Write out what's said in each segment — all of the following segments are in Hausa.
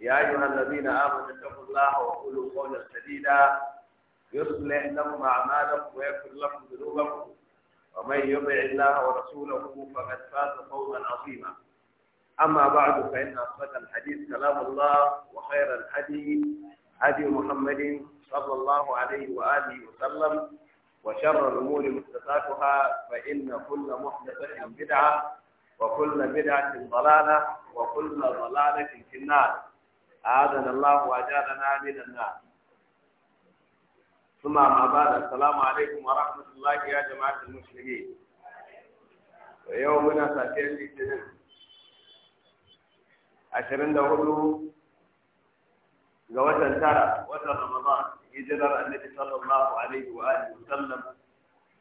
يا أيها الذين آمنوا اتقوا الله وقولوا قولا سديدا يصلح لكم أعمالكم ويغفر لكم ذنوبكم ومن يطع الله ورسوله فقد فاز فوزا عظيما أما بعد فإن أصدق الحديث كلام الله وخير الحديث هدي محمد صلى الله عليه وآله وسلم وشر الأمور محدثاتها فإن كل محدثة بدعة وكل بدعة ضلالة وكل ضلالة في النار أعاذنا الله وأجارنا من النار ثم ما بعد السلام عليكم ورحمة الله يا جماعة المسلمين ويومنا ساتين الاثنين عشرين دهولو جوازا ترى وتر رمضان هجرة النبي صلى الله عليه وآله وسلم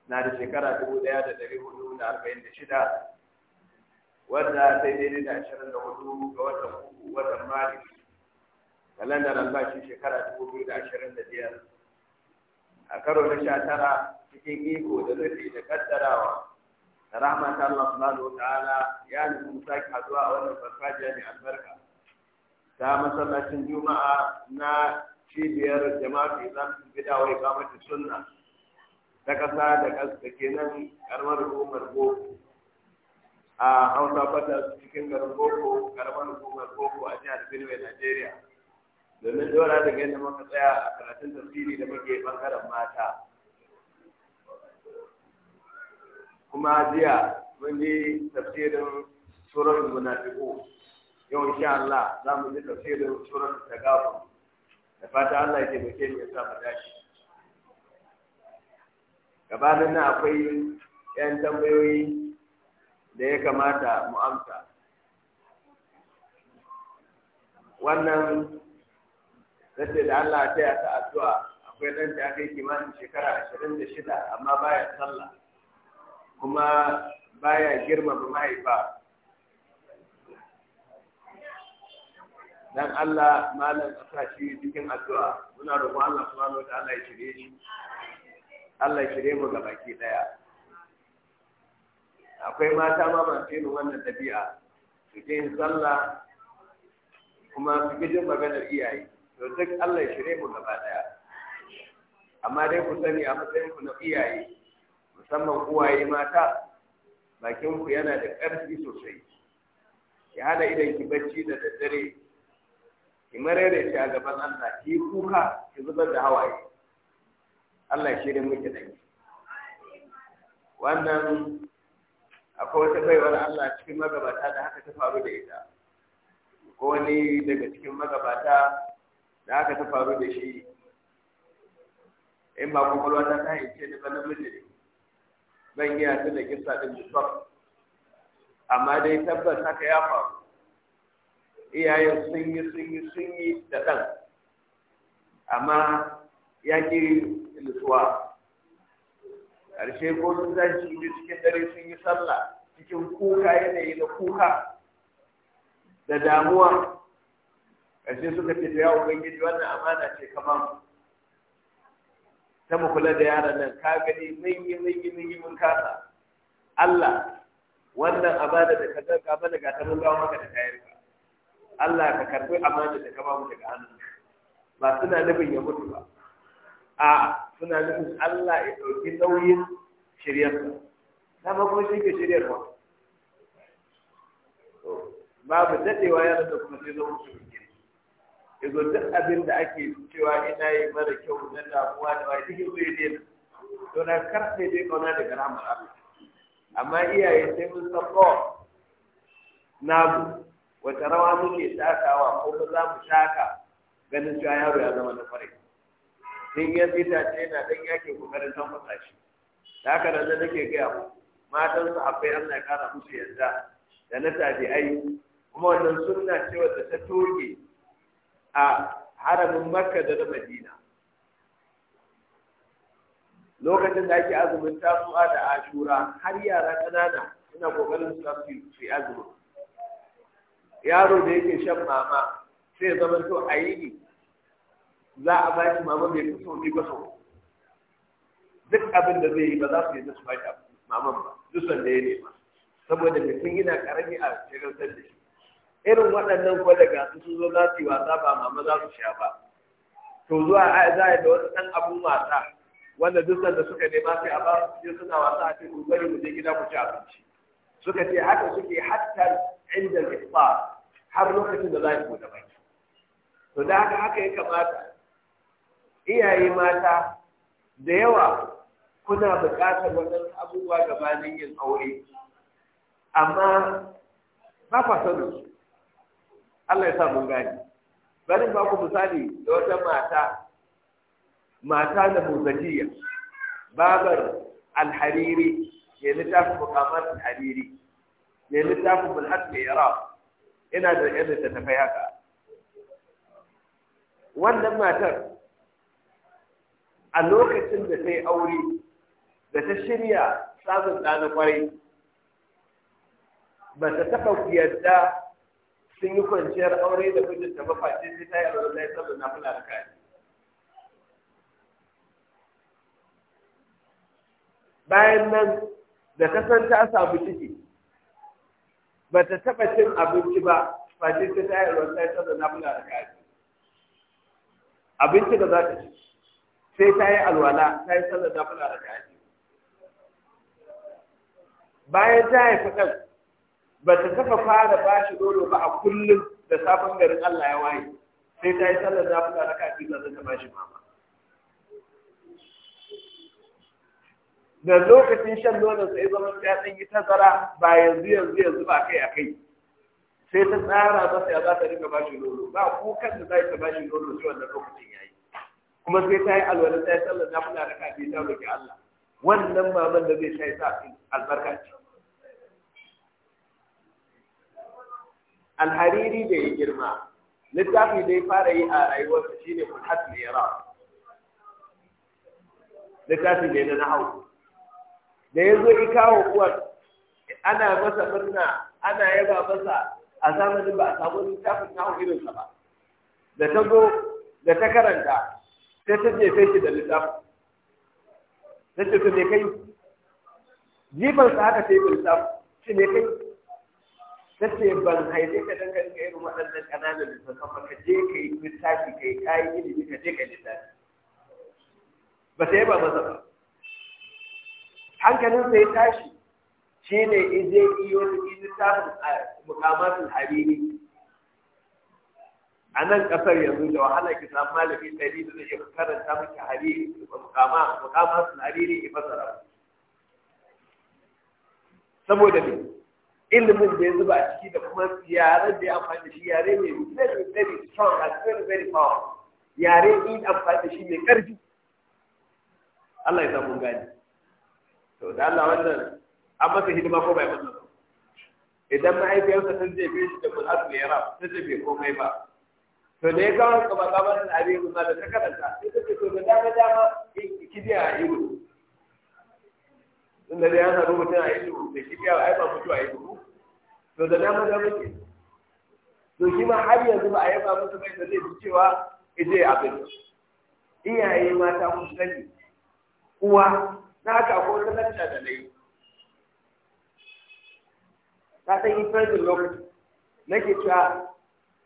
نار شكرا تقول يا تدريه دون أربعين شدة وتر سيدنا عشرين دهولو جوازا وتر مالك kalandar albashi shekara dubu biyu da ashirin da biyar a karo na sha tara cikin iko da nufi da kaddarawa da rahmatan Allah subhanahu ta'ala ya nufi sake haduwa a wannan farfajiya mai albarka ta masallacin juma'a na cibiyar jama'a dawo bida kama ta sunna ta ƙasa da da ke nan ƙaramar hukumar boko a hausa fata cikin garin boko ƙaramar hukumar boko a jihar benue nigeria domin dora daga yadda muka tsaya a karatun tafsiri da muke bangaren mata kuma jiya mun yi tafsirin surar munafiqu yau insha Allah za mu yi tafsirin surar tagabun da fata Allah ya taimake mu ya sa mu dace gabanin nan akwai yan tambayoyi da ya kamata mu amsa wannan na ce da Allah ta yata addu'a akwai dan da aka yi kimanin shekara ashirin da shida amma baya sallah kuma baya girmama mahaifa dan Allah malam aka shi cikin addu'a muna roƙon Allah subhanahu wa ta'ala ya shirye shi Allah ya shirye mu ga baki daya akwai mata ma masu irin wannan tafiya su je sallah kuma su gijin maganar iyaye to duk Allah ya shirye mu gaba daya amma dai ku sani a matsayin ku na iyaye musamman uwaye mata bakin ku yana da ƙarfi sosai ki hana idan ki bacci da daddare ki marere ki a gaban Allah ki kuka ki zubar da hawaye Allah ya shirye miki da wannan akwai wata baiwar Allah cikin magabata da haka ta faru da ita ko wani daga cikin magabata da aka ta faru da shi in ba kwakwalwa ta ta yi ce da namiji ban yi a da kisa din mutuwar amma dai tabbas haka ya faru iyayen sun yi sun yi sun yi da ɗan amma ya ƙi nutsuwa ƙarshe ko sun shi ne cikin dare sun yi sallah cikin kuka yanayi na kuka da damuwa ƙarshe suka ce ya ubangiji wannan amana ce kamar ta mu kula da yaran nan ka gani mun yi mun yi mun yi mun kasa Allah wannan amana da ka ɗauka mana ga ta mun gawo maka da tayar ka Allah ka karɓi amana da ka ba mu daga hannu ba suna nufin ya mutu ba a suna nufin Allah ya ɗauki nauyin shiryarsa dama kuma shi ke shiryarwa babu daɗewa yaran da kuma sai zo mutu yanzu duk abin da ake cewa ina yi mara kyau na damuwa da wani duk zai daina to na karfe dai kauna daga rahmar Allah amma iyaye sai mun sako oh, na bu wata rawa muke takawa ko ba za mu taka ganin cewa yaro ya zama na farai sun ya ta ce yana dan yake kokarin san fasa shi da haka nan da nake gaya mu matan su akwai Allah ya kara musu yarda da na tafi ai kuma wannan sunna ce wata ta toge a haramin makka da na madina lokacin da ake azumin tasu'a da ashura har yara ƙanana suna ƙoƙarin su su azumin yaro da yake shan mama sai ya zama to a yi za a ba shi mama mai kusa sauƙi ba duk abin da zai yi ba za su yi da su ba shi maman ba duk sanda ya nema saboda mutum yana ƙarami a shagaltar sanda shi irin waɗannan kwa daga su sun zo za su yi wasa ba mama za su sha ba to zuwa a za da wani ɗan abun wasa wanda duk sanda suka nema sai a ba su suna wasa a cikin bari mu je gida ku ci abinci suka ce haka suke hatta inda iftar har lokacin da za su bude baki to da haka haka ya kamata iyaye mata da yawa kuna buƙatar wannan abubuwa gabanin yin aure amma ba fa sanin su Allah ya sa mun gani bari ba ku misali da wata mata mata da muzajiya babar alhariri ne littafin mukamar alhariri ne littafin bulhat iraq ina da yadda ta tafi haka wannan matar a lokacin da ta yi aure da ta shirya samun ɗana kwarai ba ta taɓa yadda sun yi kwanciyar aure da mijinta ba face sai ta yi aure sai saboda na fula da kai bayan nan da kasan ta samu ciki ba ta taɓa cin abinci ba face sai ta yi aure sai saboda na fula da kai abinci da za ta ci sai ta yi alwala ta yi sallar nafila da kaji bayan ta haifi ɗan ba ta taɓa fara ba shi dole ba a kullum da safin garin Allah ya waye sai ta yi sallar nafila raka kafi sannan ta ba shi mama da lokacin shan nonon sai zama ya ɗan yi tazara ba yanzu yanzu yanzu ba kai a kai sai ta tsara masa ya za ta rika ba shi nono ba kan da za ta ba shi nono sai wannan lokacin ya yi kuma sai ta yi alwalin ta yi sallar nafila na kafi ta roƙi Allah wannan maman da zai sha ya sa albarka ce alhariri da ya girma littafi dai fara yi a rayuwarsa shine ya iraq littafi ne na nahau da ya zo yi kawo uwar ana masa murna ana yaba masa a zamanin ba a samu littafin hau irinsa ba da ta zo da ta karanta sai ta jefe shi da littafin ta ce su me kai jifansa haka sai littafin shi ne kai ta ce ban haife ka dan kan irin waɗannan ƙananan littattafan ka je ka yi littafi ka yi kayan ilimi ka je ka yi littafi ba ta yaba masa ba Hankalin sai tashi shi ne ije iyo littafin mukamatul hariri a nan ƙasar yanzu da wahala ki samu malami ɗari da zai karanta miki hariri mukama mukamatul hariri ya fasara saboda me ilimin da ya zuba a ciki da kuma yare da ya amfani da shi yare ne very very strong and very very powerful yare in amfani da shi mai karfi Allah ya samu gani to da Allah wannan an masa hidima ko bai masa idan mahaifiyarsa ta jefe shi da kulatu ya yara je jefe komai ba to da ya kawo kaba kaba da abin da ta karanta sai ta ce to da dama dama ki biya a iru tun da ya sadu mutum a ido da shi biya ai ba mutu a ido to da dama da muke to shi ma har yanzu ba a yaba musu bai da zai ji cewa ije abin iyaye mata kun sani uwa na haka ko ta lacca da nayi ta san yi fardin lokaci nake cewa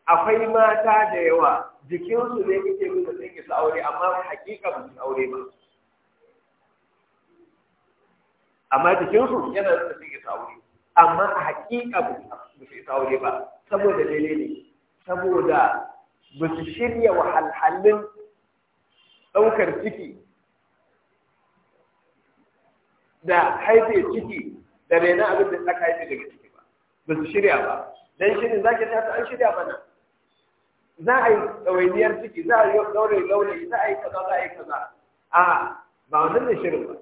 akwai mata da yawa jikinsu ne kake nuna sun isa aure amma hakika ba su aure ba amma jikinsu yana da sun isa aure amma a haƙiƙa ba su isa aure ba saboda dele ne saboda ba su shirya wahalhalin ɗaukar ciki da haife ciki da rena abin da ta haife daga ciki ba ba su shirya ba dan shirin zaki ta an shirya bana za a yi ɗawainiyar ciki za a yi ɗaure ɗaure za a yi kaza za a yi kaza a ba wannan ne shirin ba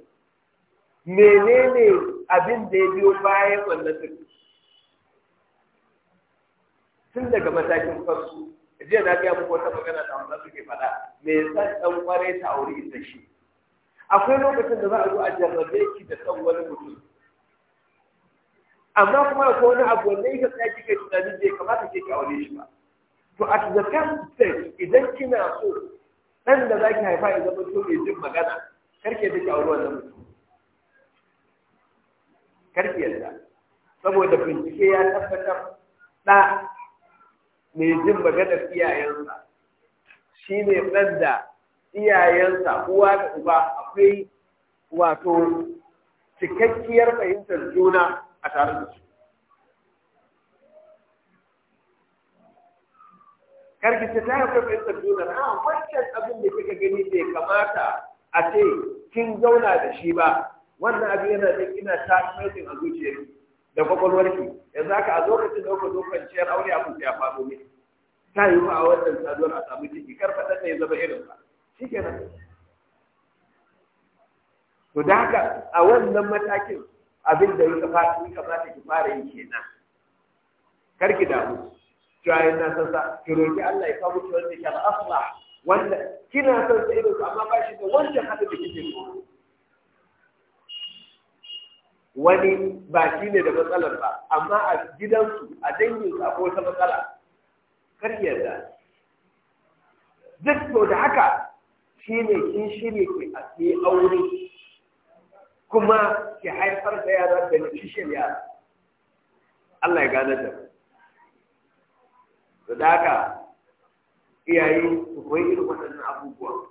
menene abin da ya biyo bayan wannan din tun daga matakin farko jiya na gaya muku wata magana da amma suke faɗa me yasa dan kware ta aure da shi akwai lokacin da za a zo a jarrabe ki da san wani mutum amma kuma akwai wani abu wanda yake tsaya kike tunani bai kamata ke aure shi ba to at the stage idan kina so dan da zaki haifa idan zama to mai jin magana karke da ki aure wannan mutum karki yadda saboda bincike ya tabbatar ɗa mai jin maganar iyayensa shi ne ɗan da iyayensa uwa da uba akwai wato cikakkiyar fahimtar juna a tare da su karki ta tare da fahimtar juna a wancan abin da kika gani bai kamata a ce kin zauna da shi ba wannan abin yana da ina tasirin a zuciya da kwakwalwarki yanzu haka a lokacin da kuka zo kwanciyar aure abin ya faɗo ne ta yi a wannan saduwar a samu ciki kar fa da ya zama irin ke nan. to da haka a wannan matakin abin da ya fata ya kamata ki fara yi kenan kar ki damu cewa na san sa ki roki Allah ya kawo ki wanda ke asla wanda kina san sa irin amma ba shi da wancan haka da kike so wani ba shi ne da matsalar ba amma a gidansu a danginsu akwai wata matsala kar yarda duk to da haka shi ne kin shirye ki a ke aure kuma ki haifar da yara da nutrition yara Allah ya gane da to da haka iyaye su koyi irin waɗannan abubuwa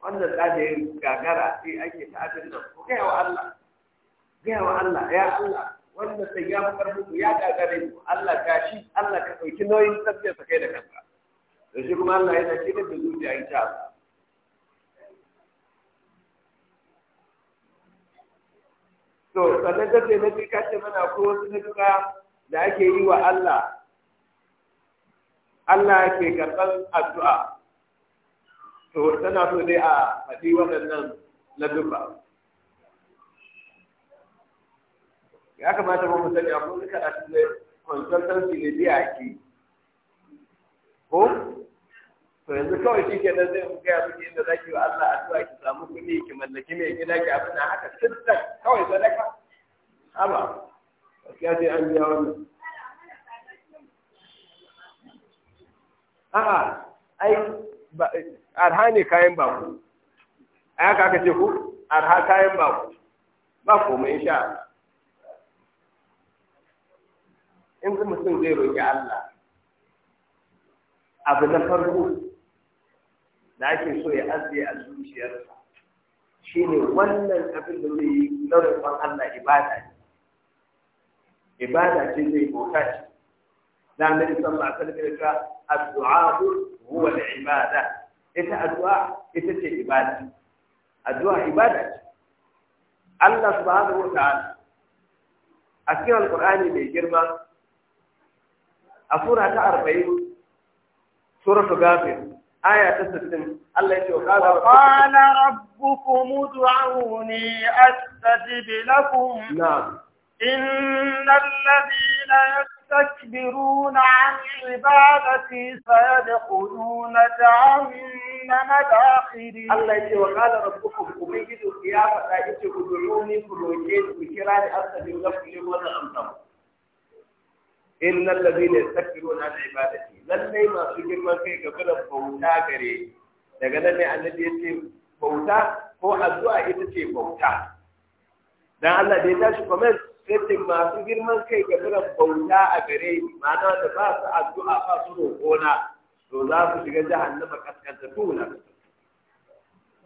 wannan da ya gagara sai ake ta nan ko kai wa Allah gaya wa Allah ya Allah wanda sai ya fi karfin ya gagare mu Allah ka shi Allah ka ɗauki nauyin tafiyar sa kai da kanka da shi kuma Allah yana kiran da zuciya in sha Allah to sannan kace na ka ce mana ko wasu nuka da ake yi wa Allah Allah ke karɓar addu'a to tana so dai a faɗi waɗannan na dubba ya kamata mu sani akwai wani karatu ne consultancy ne biya ake ko to yanzu kawai shi ke nan zai mu gaya miki inda za ki yi Allah addu'a ki samu kuɗi ki mallaki mai gida ki abin da haka sitta kawai sadaka haba gaskiya sai an biya wannan a'a ai arha ne kayan baku a yaka aka ce ku arha kayan baku ba komai insha Allah in mutum zai roƙi Allah abu na farko da ake so ya ajiye a zuciyarsa shine wannan abin da zai yi na roƙon Allah ibada ne ibada ce zai bauta ce da mai san ba a ya ce addu'a huwa al-ibada ita addu'a ita ce ibada addu'a ibada ce Allah subhanahu wa ta'ala a cikin alqur'ani mai girma a sura ta arba'in suratul gafir aya ta sittin Allah ya ce wa qala qala rabbukum ud'uni astajib lakum na'am innal ladina yastakbiruna 'an ibadati sayadkhuluna da dakhiri Allah ya ce wa qala rabbukum ubayyidu qiyafa ta ce ud'uni ku roke ku kira ni astajib lakum wa la'am innal ladina yastakbiruna an ibadati lallai masu girman kai ga gurin bauta gare daga nan ne annabi ya ce bauta ko addu'a ita ce bauta dan Allah da ya tashi kamar sai masu girman kai ga gurin bauta a gare ma'ana da ba su addu'a ba su na to za su shiga jahannama kaskanta tuna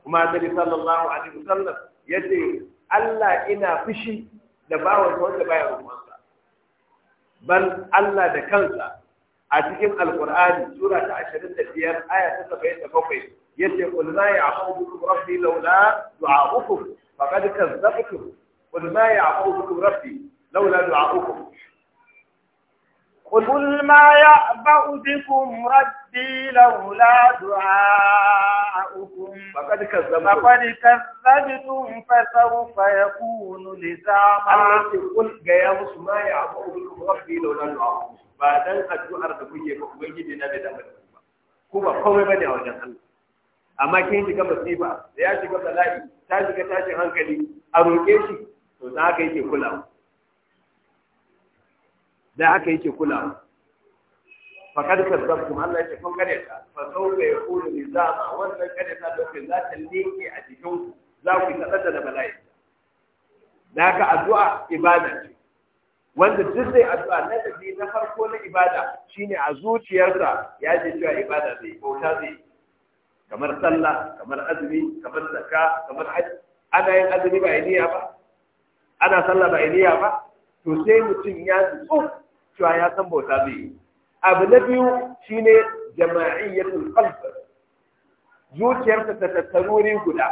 kuma sai sallallahu alaihi wasallam yace Allah ina fushi da bawon wanda baya ruwan bal Allah da kansa a cikin alkur'ani sura ta 25 aya ta 77 yace qul ma ya'budu rabbi laula du'a'ukum faqad kazzabtum qul ma ya'budu rabbi laula قل ya يأبأ بكم ربي لولا دعاؤكم فقد كذبتم فقد كذبتم da kuke ba ubangiji na da damar ba ku ba masifa da ya shiga bala'i ta shiga tashin hankali a roƙe shi to za ka yake kulawa da haka yake kulawa faƙar kazzab Allah ya ce kun kare ta fa sau ya kulu ni za ma wannan kare ta dokin za ta leke a cikin za ku yi kaɗan da bala'i da haka addu'a ibada ce wanda duk zai addu'a na tafi na farko na ibada shine a zuciyarsa ya ji cewa ibada zai bauta zai kamar sallah kamar azumi kamar zakka kamar hajji ana yin azumi ba niyya ba ana sallah ba niyya ba to sai mutum ya tsufa? cewa ya san bauta zai yi abu na biyu shi shine jama'iyyatul qalb zuciyarsa ta tattaruri guda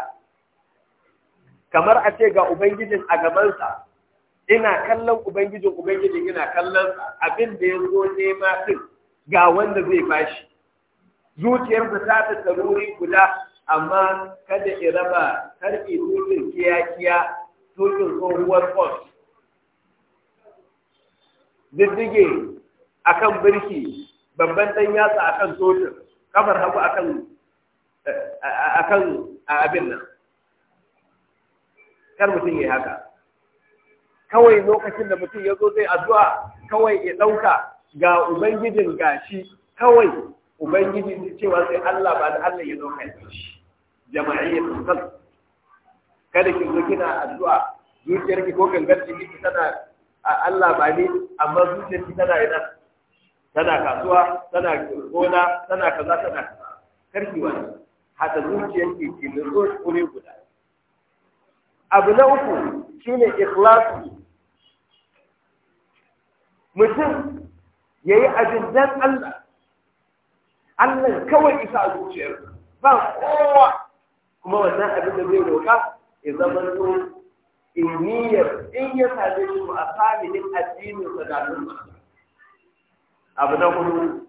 kamar a ce ga ubangijin a gabansa ina kallon ubangijin ubangijin ina kallon abin da ya zo nema din ga wanda zai bashi zuciyarsa ta tattaruri guda amma kada ya raba karfi tutun kiyakiya tutun tsohuwar post diddige akan birki babban dan yatsa akan totin kamar hagu akan eh, akan abin nan kar mutum ya haka kawai lokacin da mutum ya zo zai addu'a kawai ya ɗauka ga ubangijin gashi kawai ubangijin cewa sai Allah ba da Allah ya zo kai shi jama'iyyatul kada ki zo kina addu'a zuciyarki ko gangar jiki tana Allah ba ne, amma zuciya zuciyarki tana ina tana kasuwa tana gona tana kaza tana kaza karki wani hata zuciyarki ki nutso kure guda abu na uku shine ikhlasi mutum yayi abin dan Allah Allah kawai isa a ba kowa kuma wannan abin da zai roka ya zama Eh, niyyar in ya same su a kamilin addinin sa da abu na hudu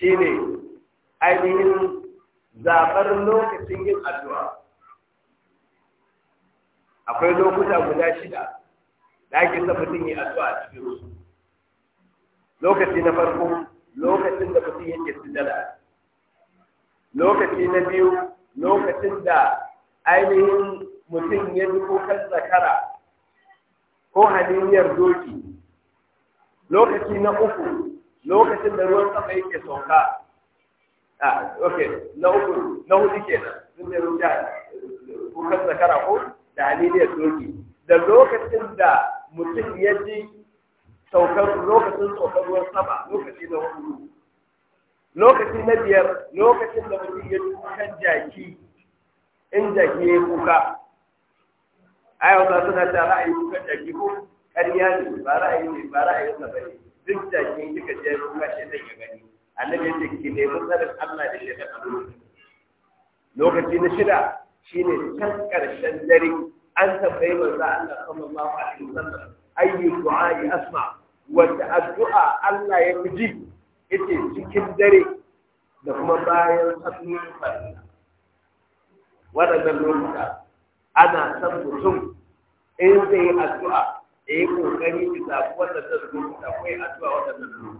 ne ainihin zaɓar lokacin yin addu'a akwai lokuta guda shida da ake sa mutum yi addu'a cikin su lokaci na farko lokacin da mutum yake sujada lokaci na biyu lokacin da ainihin mutum ya ji kukan zakara ko haniyar doki lokaci na uku lokacin da ruwan sama yake sauka a ah, ok na uku na hudu kenan sun ne ruwa kukan zakara ko da haniyar doki da lokacin da mutum ya ji saukar lokacin saukar ruwan sama lokaci na hudu lokaci na biyar lokacin da mutum ya ji kukan jaki in jaki ya yi kuka ai wata suna ta ra'ayin kan jaki ko ƙarya ne ba ra'ayi ne ba ra'ayin sa bane duk jaki kika je ruwa shi zai ya gani annabi yace ki nemi tsarin Allah da shekar abu lokaci na shida shine can karshen dare an tabbai manzo Allah sallallahu alaihi wasallam ayyu du'a asma wa addu'a Allah ya fi ji yace cikin dare da kuma bayan sallolin farilla waɗannan lokaci ana san mutum in zai yi addu'a ya yi kokari ki zaɓi wannan zazzabi akwai addu'a wannan zazzabi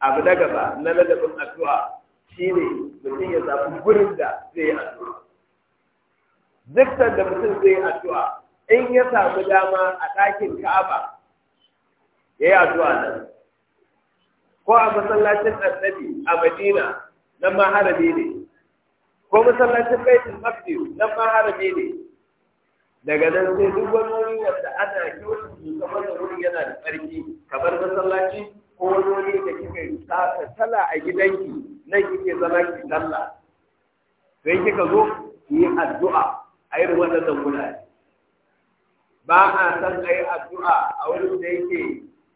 abu na gaba na ladabin addu'a shine mutum ya zaɓi gurin da zai yi addu'a duk sanda mutum zai yi addu'a in ya samu dama a ɗakin ka'aba ya yi addu'a nan ko a masallacin annabi a madina nan ma harabi ne ko masallacin baitul maqdis nan ma harabe ne daga nan sai duk wani wuri wanda ana kyautu kamar da wuri yana da tsarki kamar masallaci ko wani wuri da kika yi tsaka sala a gidanki nan kike zama ki sallah sai kika zo ki yi addu'a a irin wannan wurare ba a san a yi addu'a a wurin da yake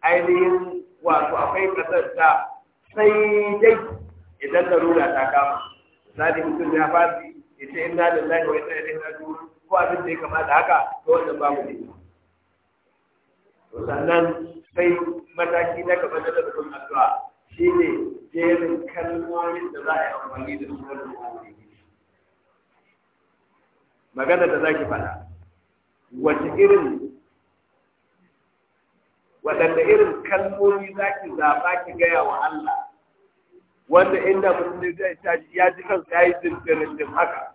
ainihin wato akwai kasar ta sai dai idan larura ta kama zaɓi mutum ya fasi ya ce inna zai wa inna ilaihi raji'un ko abin da ya kamata haka ko wanda ba mu ne sannan sai mataki na gaba na rubutun addu'a shine jerin kalmomin da za a yi amfani da su wannan magana da zaki faɗa wace irin waɗanda irin kalmomi za ki zaba ki gaya wa Allah wanda inda mutum zai tashi ya ji kansa ya yi zindirin haka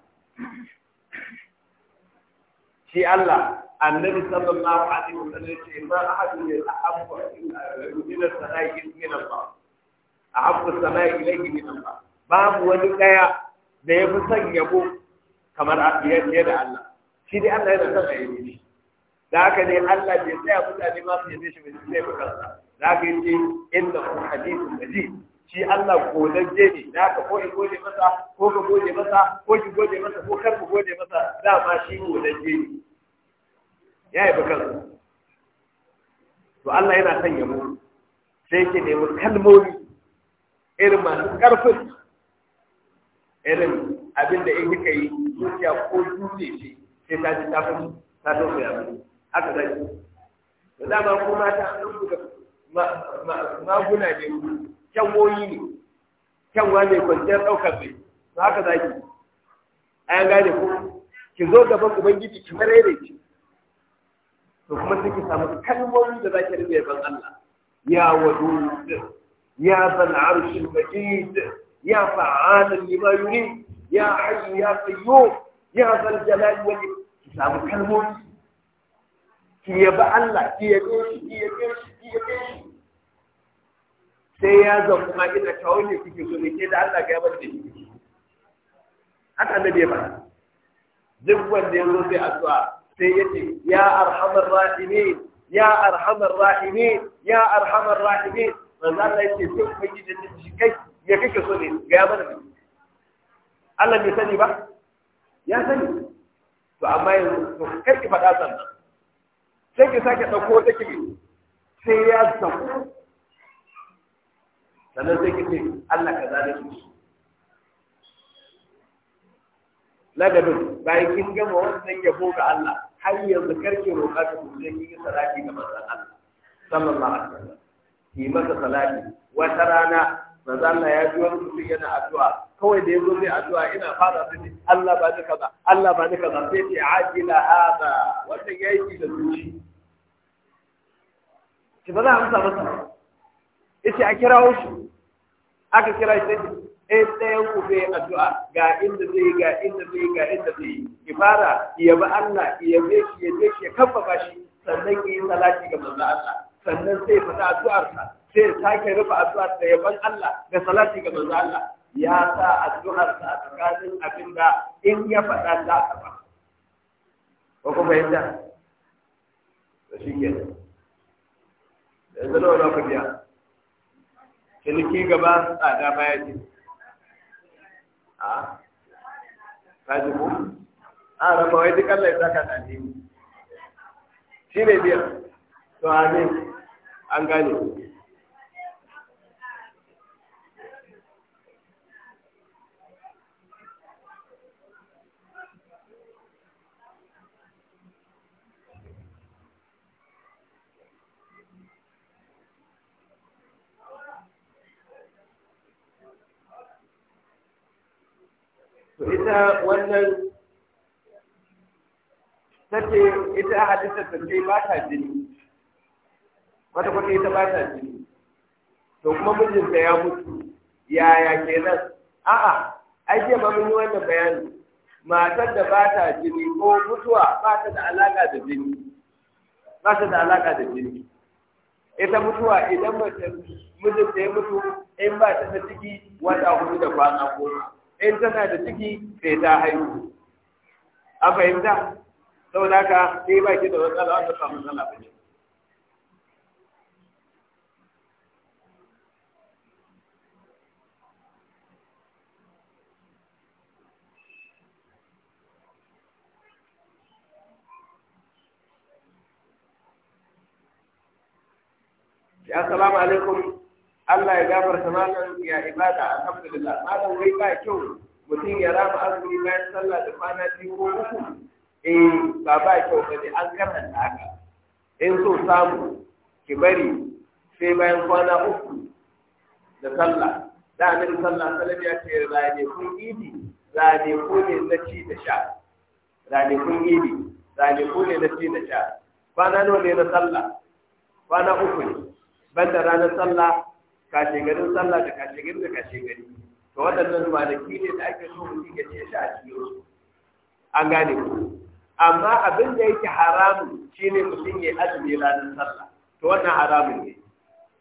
shi Allah annabi sallallahu alaihi wa sallam ce ma ahadun ya ahabbu min as-sana'i min Allah ahabbu as-sana'i ilayhi min Allah babu wani ɗaya da ya fi son yabo kamar abiyar da Allah shi dai Allah yana son yabe shi da haka ne Allah bai tsaya mutane ma su yabe shi ba sai ba kansa da haka inda inna hadithun majid shi Allah godagge ne da ka ko gode masa ko ka gode masa ko ki gode masa ko kar ka gode masa ma shi godagge ne ya yi bakan to Allah yana sanya mu sai ke nemi kalmomi irin masu karfin irin abin da in kika yi zuciya ko dutse ce sai ta ji ta fi ta so ya mu haka zai da dama ko mata an ma maguna ne kyanwoyi ne kyanwa ne kwanciyar ɗaukar mai to haka za ki a yan gane ku ki zo gaban ubangiji ki marere ki to kuma sai ki samu kalmomi da za ki rube yaban Allah ya wadud ya zal arshil majid ya fa'ala lima yuri ya hayyu ya qayyum ya zal jalali wal ki samu kalmomi ki yaba Allah ki yabe shi ki yabe shi ki yabe shi sai ya zama kuma ina kawai ne kuke so ne ke da Allah ga yabar da shi haka da bai fara duk wanda ya zo sai addu'a sai ya ce ya arhamar rahimin ya arhamar rahimin ya arhamar rahimin manzo Allah ya ce sai yi da shi kai ya kake so ne ga yabar da Allah bai sani ba ya sani to amma yanzu kai kar ki faɗa sannan sai ki sake ɗauko wata kiri sai ya zama. sannan sai kace Allah ka zane su ladabin bayan kin gama wannan yabo ga Allah har yanzu karki roƙa ta kuma sai kin yi salati ga manzon Allah sallallahu alaihi wasallam ki masa salati wata rana manzon Allah ya ji wani mutum yana addu'a kawai da yazo zai addu'a ina fara sai Allah ba ni kaza Allah ba ni kaza sai ce ajila hada wannan yayi da zuci ki ba za a amsa masa yace a kira shi aka kira shi sai eh ɗayan ku zai addu'a ga inda zai ga inda zai ga inda zai yi ibara ya ba Allah ya be shi ya be shi ya ba shi sannan ya yi salati ga manzo Allah sannan sai faɗa sa, sai ya sake rufe addu'ar da yaban Allah da salati ga manzo Allah ya sa sa a tsakanin abinda in ya faɗa za a ba ko kuma yadda shi ke da zalo lokaci ya ciniki gaba tsada baya ce a kaji ko a raba wai duk Allah ya saka ta alheri shi ne biyar to amin an gane ita wannan take ita halittar ta ce ba ta jini wata kwata ita ba ta jini to kuma mijinta ya mutu yaya kenan a'a ai ce mamun mun yi wannan bayani matar da ba ta jini ko mutuwa ba ta da alaka da jini ba ta da alaka da jini ita mutuwa idan mace mijinta ya mutu in ba ta ta ciki wata hudu da kwana goma in tana da ciki sai ta haihu a fahimta da ka ke ba ki da matsala wanda samu matsala ba ya Assalamu alaikum Allah ya gafarta malam ya ibada alhamdulillah malam wai ba kyau mutum ya rama azumi bayan sallah da kwana biyu ko uku eh ba ba kyau bane an karanta haka in so samu ki bari sai bayan kwana uku da sallah da annabi sallallahu alaihi wasallam ya ce rane kun idi rane ko ne na ci da sha rane kun idi rane ko ne na ci da sha kwana nawa ne na sallah kwana uku ne banda ranar sallah kashe garin sallah da kashe garin da kashe gari to waɗannan kwanaki ne da ake so mutum ya ce shi a cikin su an gane ku amma abin da yake haramun shine mutum ya azumi ranar sallah to wannan haramun ne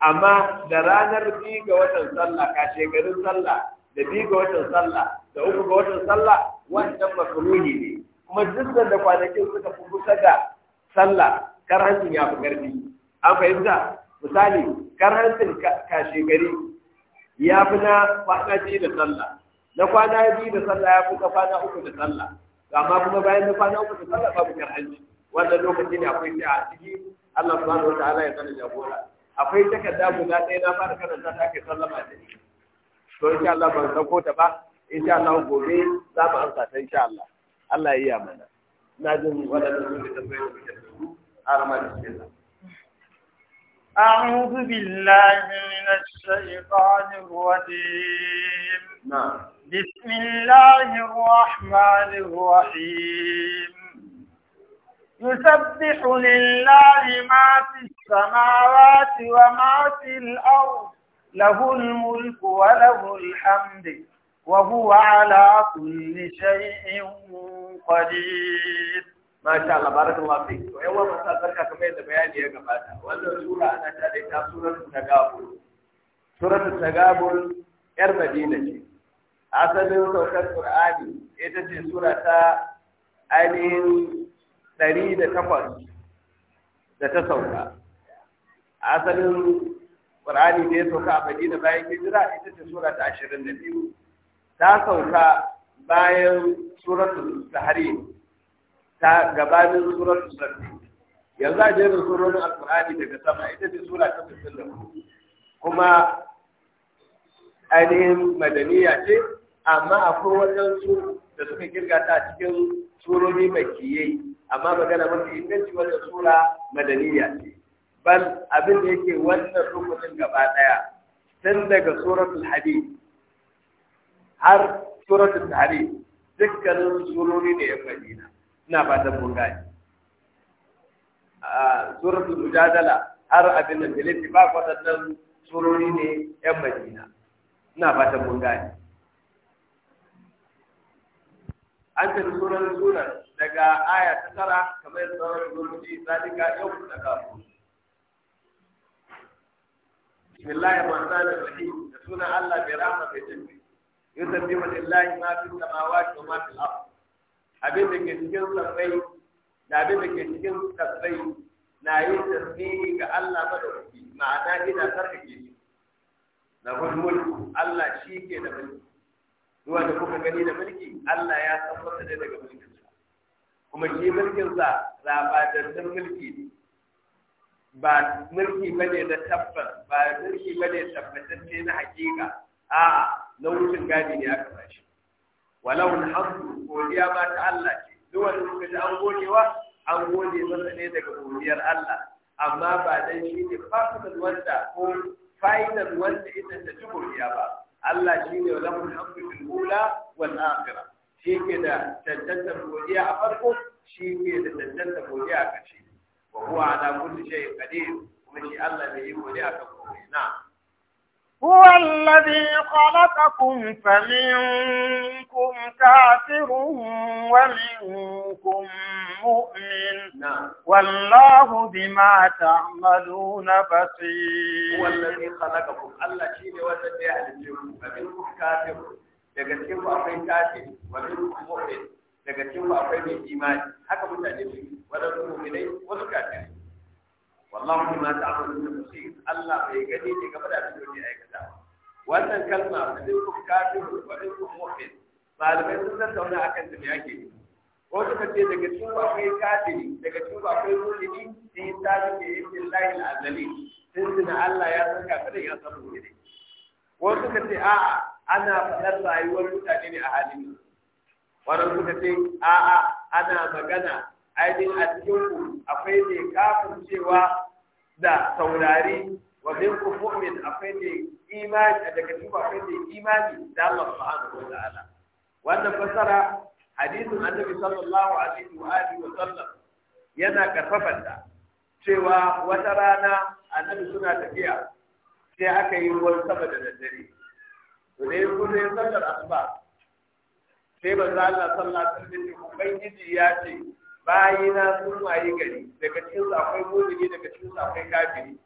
amma da ranar biyu ga watan sallah kashe garin sallah da biyu ga watan sallah da uku ga watan sallah wannan makaruhi ne kuma duk da kwanakin suka fi kusa ga sallah kar hancin ya fi ƙarfi an fahimta misali karhancin kashe gari ya fi na kwana biyu da sallah na kwana biyu da sallah ya fi na kwana uku da sallah amma kuma bayan na kwana uku da sallah babu karhanci wannan lokaci ne akwai ta a ciki Allah subhanahu wataala ya sanar jagora akwai takarda guda ɗaya na fara karanta ta ake ba da ni to insha Allah ban ko ta ba insha Allah gobe za mu amsa ta insha Allah Allah ya yi amana na jin wadannan sun da tambayoyi da su a ramar cikin أعوذ بالله من الشيطان الرجيم نعم بسم الله الرحمن الرحيم يسبح لله ما في السماوات وما في الأرض له الملك وله الحمد وهو على كل شيء قدير masha Allah barakallahu fi to yawa sa barka kamar yadda bayani ya gabata wannan sura ana ta da ta suratul tagabul ta tagabul yar madina ce asalin saukar qur'ani ita ce sura ta ainihin ɗari da ta sauka asalin Qur'ani da ya sauka a Madina bayan hijira ita ce sura ta 22 ta sauka bayan suratul Tahrim ta gabanin surar safi yanzu a jerin al alqur'ani daga sama ita ce sura ta 64 kuma ainihin madaniya ce amma akwai su da suka kirga ta a cikin surori makiyai amma magana mafi inganci wannan sura madaniya ce bal abin da yake wannan rukunin gaba ɗaya tun daga suratul hadi har suratul hadi dukkanin surori ne ya madina ina fatan mun gane a suratul mujadala har abin da filifi ba waɗannan surori ne yan madina ina fatan mun ne an tafi suran suran daga aya ta tara kamar yadda sauran zurfi zalika yau da kafu bismillahir rahmanir rahim da sunan Allah bai rahama bai tafi yusabbihu lillahi ma fi samawati wa ma fil ardh abin da ke cikin sassai da abin da ke cikin sassai na yi tasbihi ga Allah madaukaki ma'ana ina sarkake shi na mulku Allah shi ke da mulki zuwa da kuka gani da mulki Allah ya tabbata da daga mulkin sa kuma shi mulkin sa rabadaddin mulki ne ba mulki bane na tabbas ba mulki bane tabbatacce na hakika a'a na wucin gadi ne aka bashi walau alhamdu godiya ba ta Allah ce duk wani lokaci an godewa an gode masa ne daga godiyar Allah amma ba dan shi ne fasidar wanda ko fa'idar wanda ita ta ci godiya ba Allah shi ne walau alhamdu fil ula wal akhirah shi ke da tantanta godiya a farko shi ke da tantanta godiya a ƙarshe wa huwa ala kulli shay'in qadir kuma shi Allah ne yi godiya kan komai na'am هو الذي خلقكم فمنكم كافر ومنكم مؤمن والله بما تعملون بصير هو الذي خلقكم الله شيء وجد فمنكم كافر daga cikin akwai kafir wa minkum daga cikin akwai mai imani haka mutane su wasu wallahu bima ta'maluna basir Allah bai gani ne game da abin da kuke aikata wannan kalma minkum kafir wa minkum mu'min malamai sun tattauna akan ta me ake yi ko suka ce daga cikin akwai kafiri daga cikin akwai mu'mini sai ta ce yake lahi azali sun tunda Allah ya san kafirin ya san mu'mini ko suka ce a'a ana faɗar rayuwar mutane ne a halin wannan suka ce a'a ana magana ainihin a cikin ku akwai ne kafin cewa da saurari wa ku mu'min akwai ne imani daga cikin akwai ne imani da Allah subhanahu wa ta'ala wannan fasara hadisin annabi sallallahu alaihi wa alihi wa sallam yana karfafan da cewa wata rana annabi suna tafiya sai aka yi ruwan sama da daddare to dai kuma ya sallar asuba sai manzo Allah sallallahu alaihi wa sallam ya ce bayina sun waye gari daga cikin su akwai mumini daga cikin su akwai kafiri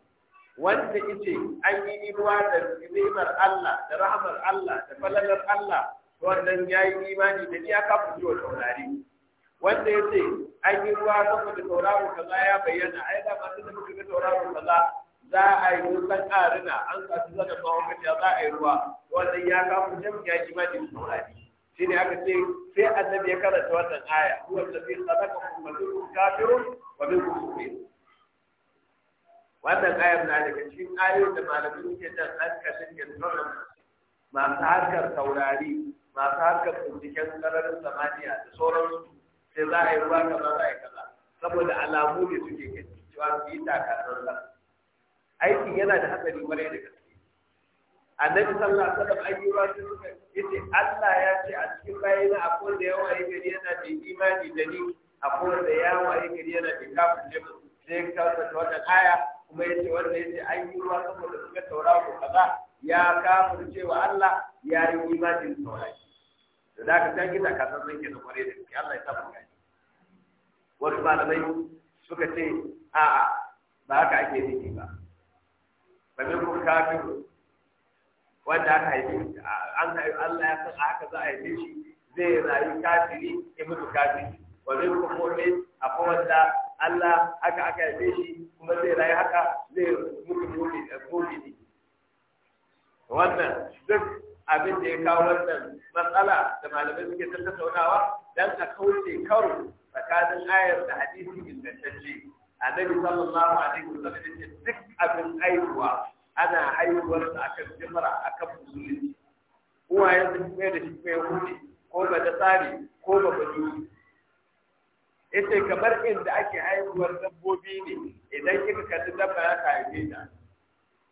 wanda yace an yi ruwa da ni'imar Allah da rahmar Allah da falalar Allah wannan yayi imani da ya ka fito taurari wanda yace an yi ruwa saboda tauraro kaza ya bayyana ai da masu da muke tauraro kaza za a yi san karina an sa su zana ya za a yi ruwa wannan ya ka fito ya imani da taurari shine aka ce sai annabi ya karanta wannan aya huwa allazi kum min kafirun wa min mu'min wannan aya na daga cikin ayoyin da malamin ke dan hankalin yanzu masu harkar taurari masu harkar binciken sararin samaniya da su sai za a yi ruwa kaza za a yi kaza saboda alamu ne suke kan cewa su yi takarar aikin yana da hatsari kwarai da gaske annabi sallallahu alaihi wasallam an yi ruwa suka yace Allah ya ce a cikin bayina akwai da yawa ya gari yana da imani da ni akwai da yawa ya gari yana da kafin ne sai ka ta wannan aya kuma yace wanda yace an yi ruwa saboda suka tauraro kaza ya kafin cewa Allah ya yi imani da tauraro da da ka tanki da ka san ke da kware da Allah ya sa mu yi. wasu malamai suka ce a'a ba haka ake nufi ba fa minkum kafirun wanda aka haife an Allah ya san haka za a haife shi zai rayu kafiri ya mutu kafiri wa zai kuma mu'min akwai wanda Allah haka aka haife shi kuma zai rayu haka zai mutu ne eh, wannan duk abin da ya kawo wannan matsala da malamai suke ta tattaunawa dan a kauce karo tsakanin ayar da hadisi ingantacce annabi sallallahu alaihi wasallam ya ce duk abin aiwa ana haihuwar sa akan jimra akan musulunci uwayen su kai da shi kai hudu ko ba ta tsari ko ba ba duni yace kamar inda ake haihuwar dabbobi ne idan kika kalli dabba ya haife ta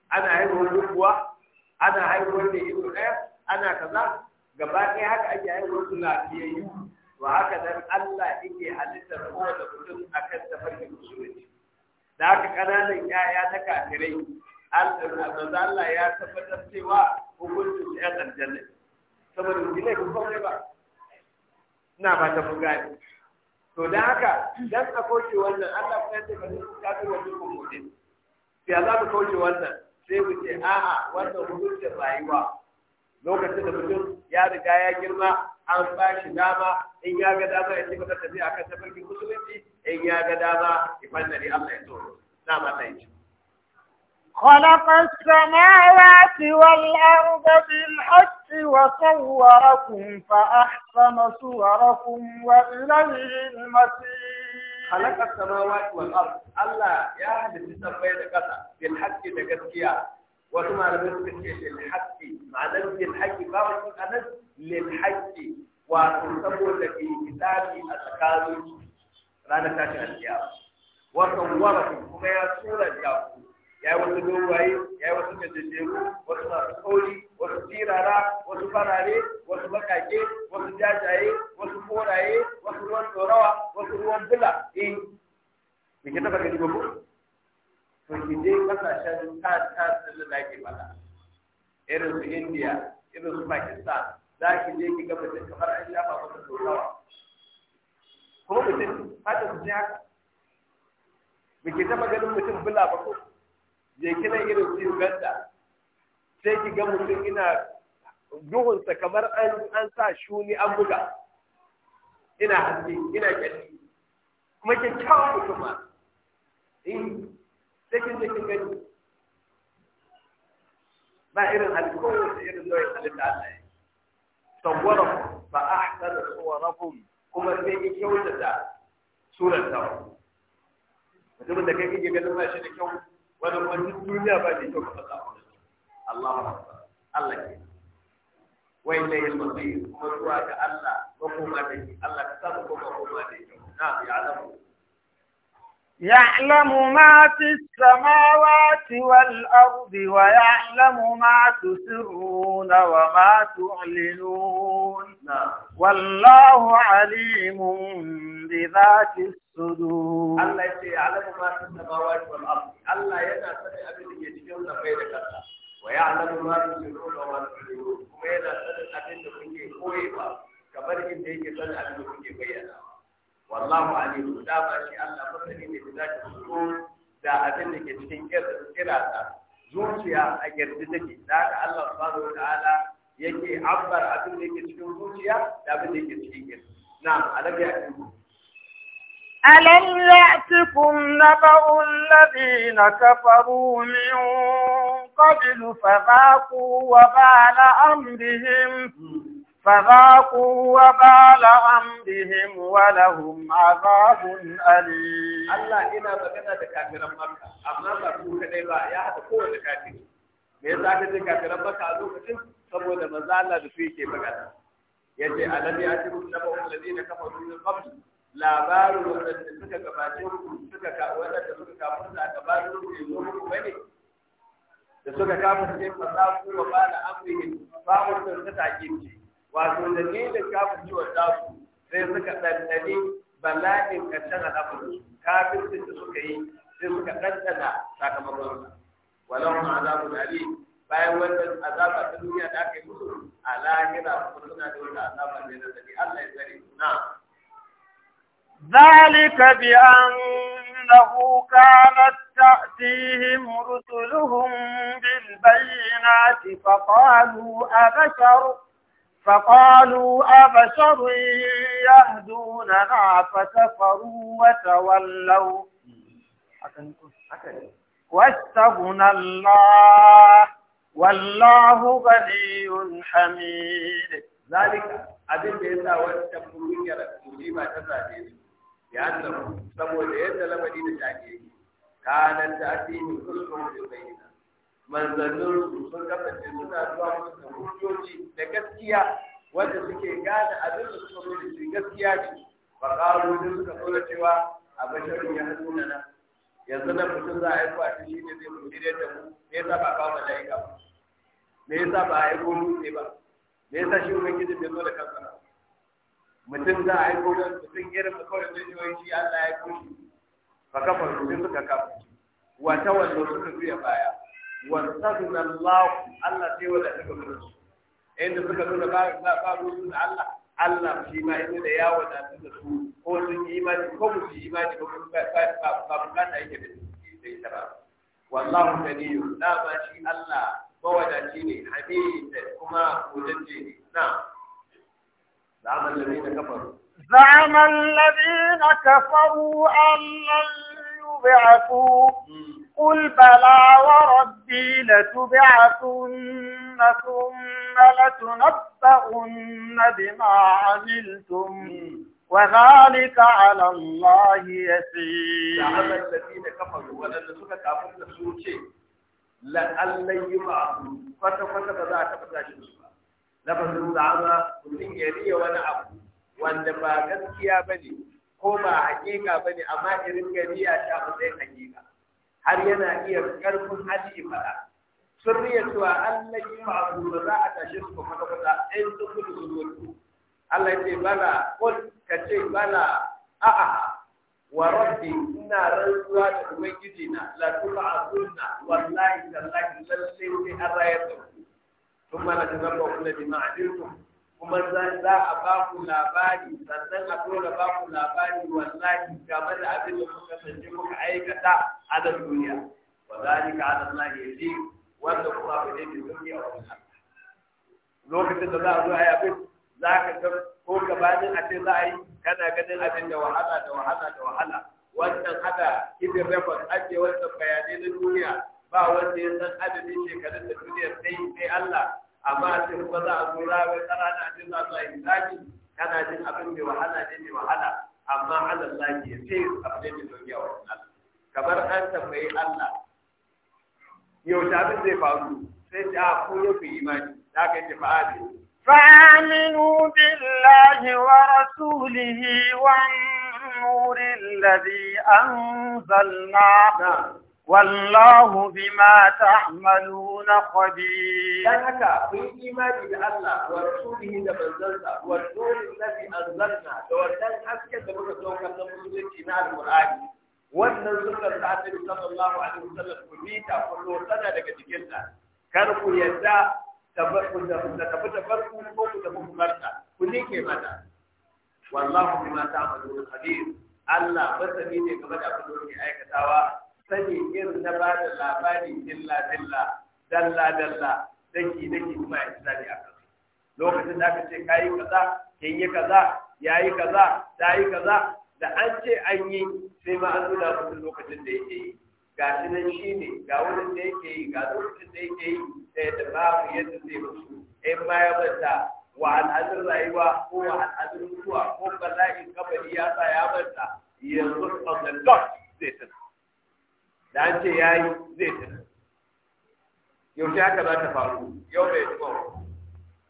ana haihuwar dubuwa ana haihuwar da ido ɗaya ana kaza gaba ɗaya haka ake haihuwar su lafiyayyu to haka dan Allah yake halittar kowane mutum akan tafarkin musulunci da haka ƙananan 'ya'ya na kafirai Allah ya tabbatar cewa hukuncin ya aljanna saboda gina ku kawai ba ina ba ta bugani to da haka dan a kauce wannan Allah ya ce bari ku kafi wannan hukuncin sai Allah ku kauce wannan sai mu ce a'a wannan hukuncin rayuwa lokacin da mutum ya riga ya girma an ba shi dama in ya ga dama ya tafi tafiya akan tafarkin musulunci in ya ga dama ifan da ne Allah ya tsoro dama ta yi خلق السماوات والأرض بالحق وصوركم فأحسن صوركم وإليه المسير خلق السماوات والأرض الله يا أهل السماء في بالحق لكذا وثم على ذلك للحق ذلك الحق بارك أنس للحق وتصور لك كتابي أتكالي رانا تاشي القيامة وصوركم كما يا سورة ya wasu dogaye ya wasu gajejjeru wasu masu tsori, wasu tirara wasu farare wasu bakake wasu jajaye wasu koraye wasu ruwan tsorawa wasu ruwan bula E, me ke taba gani gobe to ki je kasashen ta ta da zaki fada irin su India irin su Pakistan ki je ki gaba da kamar an shafa wasu tsorawa kuma mutum hada su ne haka me ke taba ganin mutum bula ba ko je kina irin su Uganda sai ki ga mutum ina duhunsa kamar an sa shuni an buga ina hannu ina kyalli kuma kyakkyawan mutum kuma. in eh, sai kin je kin gani ba irin halittu da irin nau'in halitta Allah ya sawwara fa ahsana suwarakum kuma sai ki kyautata surar ta mutumin da kai kike ganin ba shi da kyau wani wani duniya ba da kyau kamar zaɓa Allah Allah ke wai ne yin masu kuma zuwa ga Allah ko da shi Allah ka sa ko kuma kuma da kyau na ya alamu يعلم ما في السماوات والأرض ويعلم ما تسرون وما تعلنون والله عليم بذات الصدور الله يعلم ما في السماوات والأرض الله ينسى أبن يجيون بينك ويعلم ما تسرون وما تعلنون وينسى أبن كنت قويبا كبرك إن يجي سنة أبن كنت بينا والله عليم دابا شيء الله مسلم da abin da ke cikin kirasa zuciya a kirji take da haka Allah subhanahu wataala yake abbar abin da ke cikin zuciya da abin da ke cikin kirji na'am alam ya ألم يأتكم نبأ الذين كفروا من قبل فذاقوا وبال أمرهم فذاقوا وبال أمرهم ولهم عذاب أليم الله إنا da دكاترة مكة أما ما تقول كديبا يا هذا كل دكاترة me yasa ka ce kafiran maka a lokacin saboda manzo Allah da su yake magana yace alladhi atibu nabu alladhina kafaru min qabl labarin wadanda suka gabace ku suka ka wadanda suka kafirta gabanin da suka sai za ba wa bala ba mu sun ta take wato da ni da ji ciwon tasu sai suka ɗanɗani bala'in ƙarshen al'amarin kafin da suka yi sai suka ɗanɗana sakamakon sa walau ma azabu nari bayan wannan azaba ta duniya da aka yi musu a lahira kuma suna da wata azaba ne na zari Allah ya tsare su na ذلك بأنه كانت تأتيهم رسلهم بالبينات فقالوا أبشر فقالوا أبشر يهدوننا فكفروا وتولوا واستغنى الله والله غني حميد ذلك أبي بيسا واستغنى الله مجيبا تساعدين يا الله سبو الهيد لما دين كانت تأتي من كل قوم بيننا manzannin su sun kasance suna zuwa musu da hujjoji da gaskiya wanda suke gane abin da suka zo da shi gaskiya ce ba ƙaro da suka so da cewa a basharin ya hasu na yanzu nan mutum za a yi kwa shi ne zai mutu da mu me yasa ba kawo mala'ika ba me yasa ba a yi ko dutse ba me yasa shi ubangiji bai zo da kansa ba mutum za a yi ko don mutum irin mu kawai zai yi shi Allah ya kushi fa kafa sai suka kafa wata wanda suka juya baya wasagun Allah Allah sai wanda suka nuna su inda suka nuna ba ba rusu da Allah Allah shi ma inda da ya wadatu da su ko sun yi imani ko ba su yi imani ba ba ba ba bukata yake da da ita ba wallahu kadiyyu da ba shi Allah mawadaci ne hamid kuma kudace ne na zaman ladina kafaru زعم الذين كفروا أن لن يبعثوا قل بلى وربي لتبعثن ثم لتنبؤن بما عملتم وذلك على الله يسير الذين كفروا ولن سكت عبد السوشي لألن يبعثوا فتا فتا فتا فتا شبسوا لفظ العامة mutum ya riya har yana iya karfin hali fada sun riya cewa Allah yi ma'azu ba za a tashi su kuma da kwata ɗayan sun gudu su Allah ce bala kul ka ce bala a'a wa rabbi ina rantsuwa da ubangiji na la tub'athunna wallahi tallahi lallai sai an rayar da ku kuma la tazabbu kullu bima ajiltum kuma zan za a ba ku labari sannan a dole ba ku labari wallahi game da abin da kuka sanje kuka aikata a da duniya wa zalika ala Allah yaji wanda kuma ba ne duniya wa Allah lokacin da za a zo a yafi za ka ga ko ka bani a ce za a yi kana ganin abin da wahala da wahala da wahala wannan hada ibin rekod ake wannan bayanai na duniya ba wanda ya san adadin shekarun da duniyar sai sai Allah amma a ce kuma za a zo rawar ƙanana a jin za su yi zaki kana jin abin mai wahala ne mai wahala amma Allah zaki ya ce abin da mai yawa Allah kamar an tambayi Allah yau ta abin zai faru sai ta ko ya fi imani da ka ce fa'adi. فآمنوا بالله ورسوله والنور الذي أنزلنا wallahu bima ta'maluna khabir dan haka kun imani da Allah wa rasulihi da manzansa wa nurin ladhi anzalna da wannan haske da muka saukar da musulunci na alqur'ani wannan sunnar da Annabi sallallahu alaihi wasallam ku bi ta ku lotsa daga cikin ta kar ku yadda tabbata da tabbata farko ko ku tabbata kumarta ku ne ke mata wallahu bima ta'maluna khabir Allah masani ne game da abin da aikatawa sani irin na ba da labari dilla dilla dalla dalla daki daki kuma ya tsari a kansu lokacin da aka ce yi kaza kin yi kaza yayi kaza tayi kaza da an ce an yi sai ma an nuna musu lokacin da yake yi ga shi shi ne ga wurin da yake yi ga lokacin da yake yi da babu yadda zai musu in ma ya manta wa al'adun rayuwa ko wa al'adun zuwa, ko bala'in kabari ya sa ya manta yanzu on the dot zai tana yau ta ka mai tuba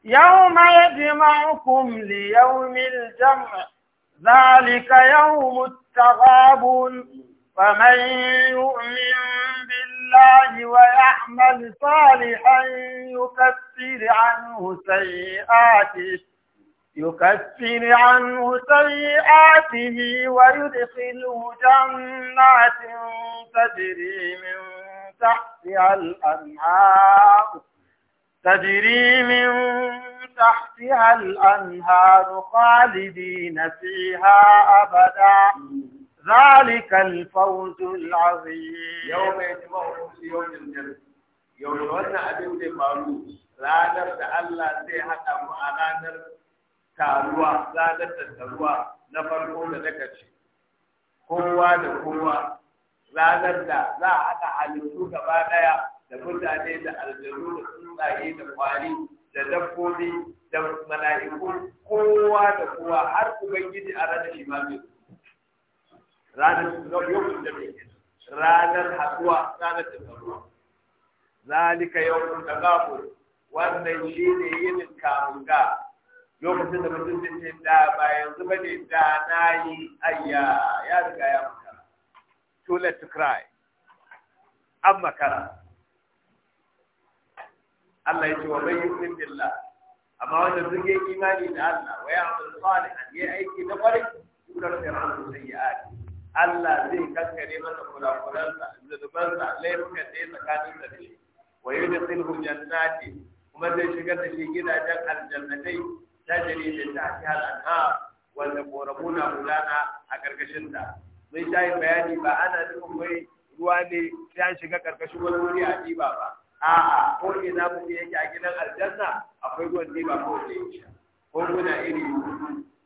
yau ma ya yau mil jam'a zalika yau mutagabun فمن يؤمن بالله ويعمل صالحا يكفر عنه سيئاته يكفر عنه سيئاته ويدخله جنات تجري من تحتها الأنهار تجري من تحتها الأنهار خالدين فيها أبدا ذلك الفوز العظيم يوم يجمعهم في يوم الجنة يوم أن أبي فاروق لا نرد الله سيحة نرد taruwa ranar tattaruwa na farko da daga ce kowa da kowa ranar da za a haɗa halittu gaba ɗaya da mutane da aljanu da tsuntsaye da kwari da dabbobi da mala'iku kowa da kowa har ubangiji a ranar imamin ranar yau da mai ranar haɗuwa ranar tattaruwa zalika yau da gafu wannan shi ne yin ga. lokacin da mutum zai ce da ba yanzu ba ne da na yi ayya ya riga ya makara too late to cry an makara Allah ya ce wa bai yusin billah amma wanda zai yi imani da Allah wa ya amal a ya aiki da kwarai dukkan yi sayyi'ati Allah zai kankare masa kurakuransa zunubansa laifukan da ya tsakanin da ne wa na jannati kuma zai shigar da shi gidajen aljannatai tajiri da tahtiha al wanda korabuna gudana a karkashin ta mun yi bayani ba ana nufin mai ruwa ne ya shiga karkashin wani wuri a ɗiba ba a'a ko ina mutum yake a gidan aljanna akwai ruwan ɗiba ko da yake ko guda iri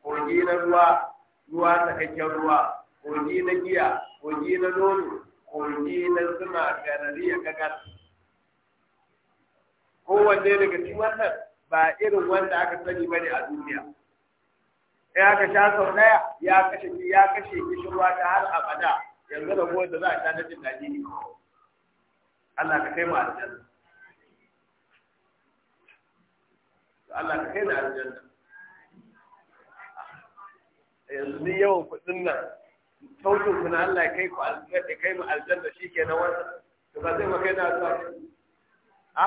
kogi na ruwa ruwa sakakken ruwa kogi na giya kogi na nono kogi na zuma garari ya kagar kowanne daga cikin wannan ba irin wanda aka sani bane a duniya Ya aka sha sau daya ya kashe ya kashe kishirwa ta har abada yanzu da ko da za a sha na jin daɗi ne Allah ka kai mu aljanna Allah ka kai mu aljanna yanzu ni yawan kuɗin nan sautin kuna na Allah kai ku aljanna kai mu aljanna shikenan wannan to ba zai maka na zuwa a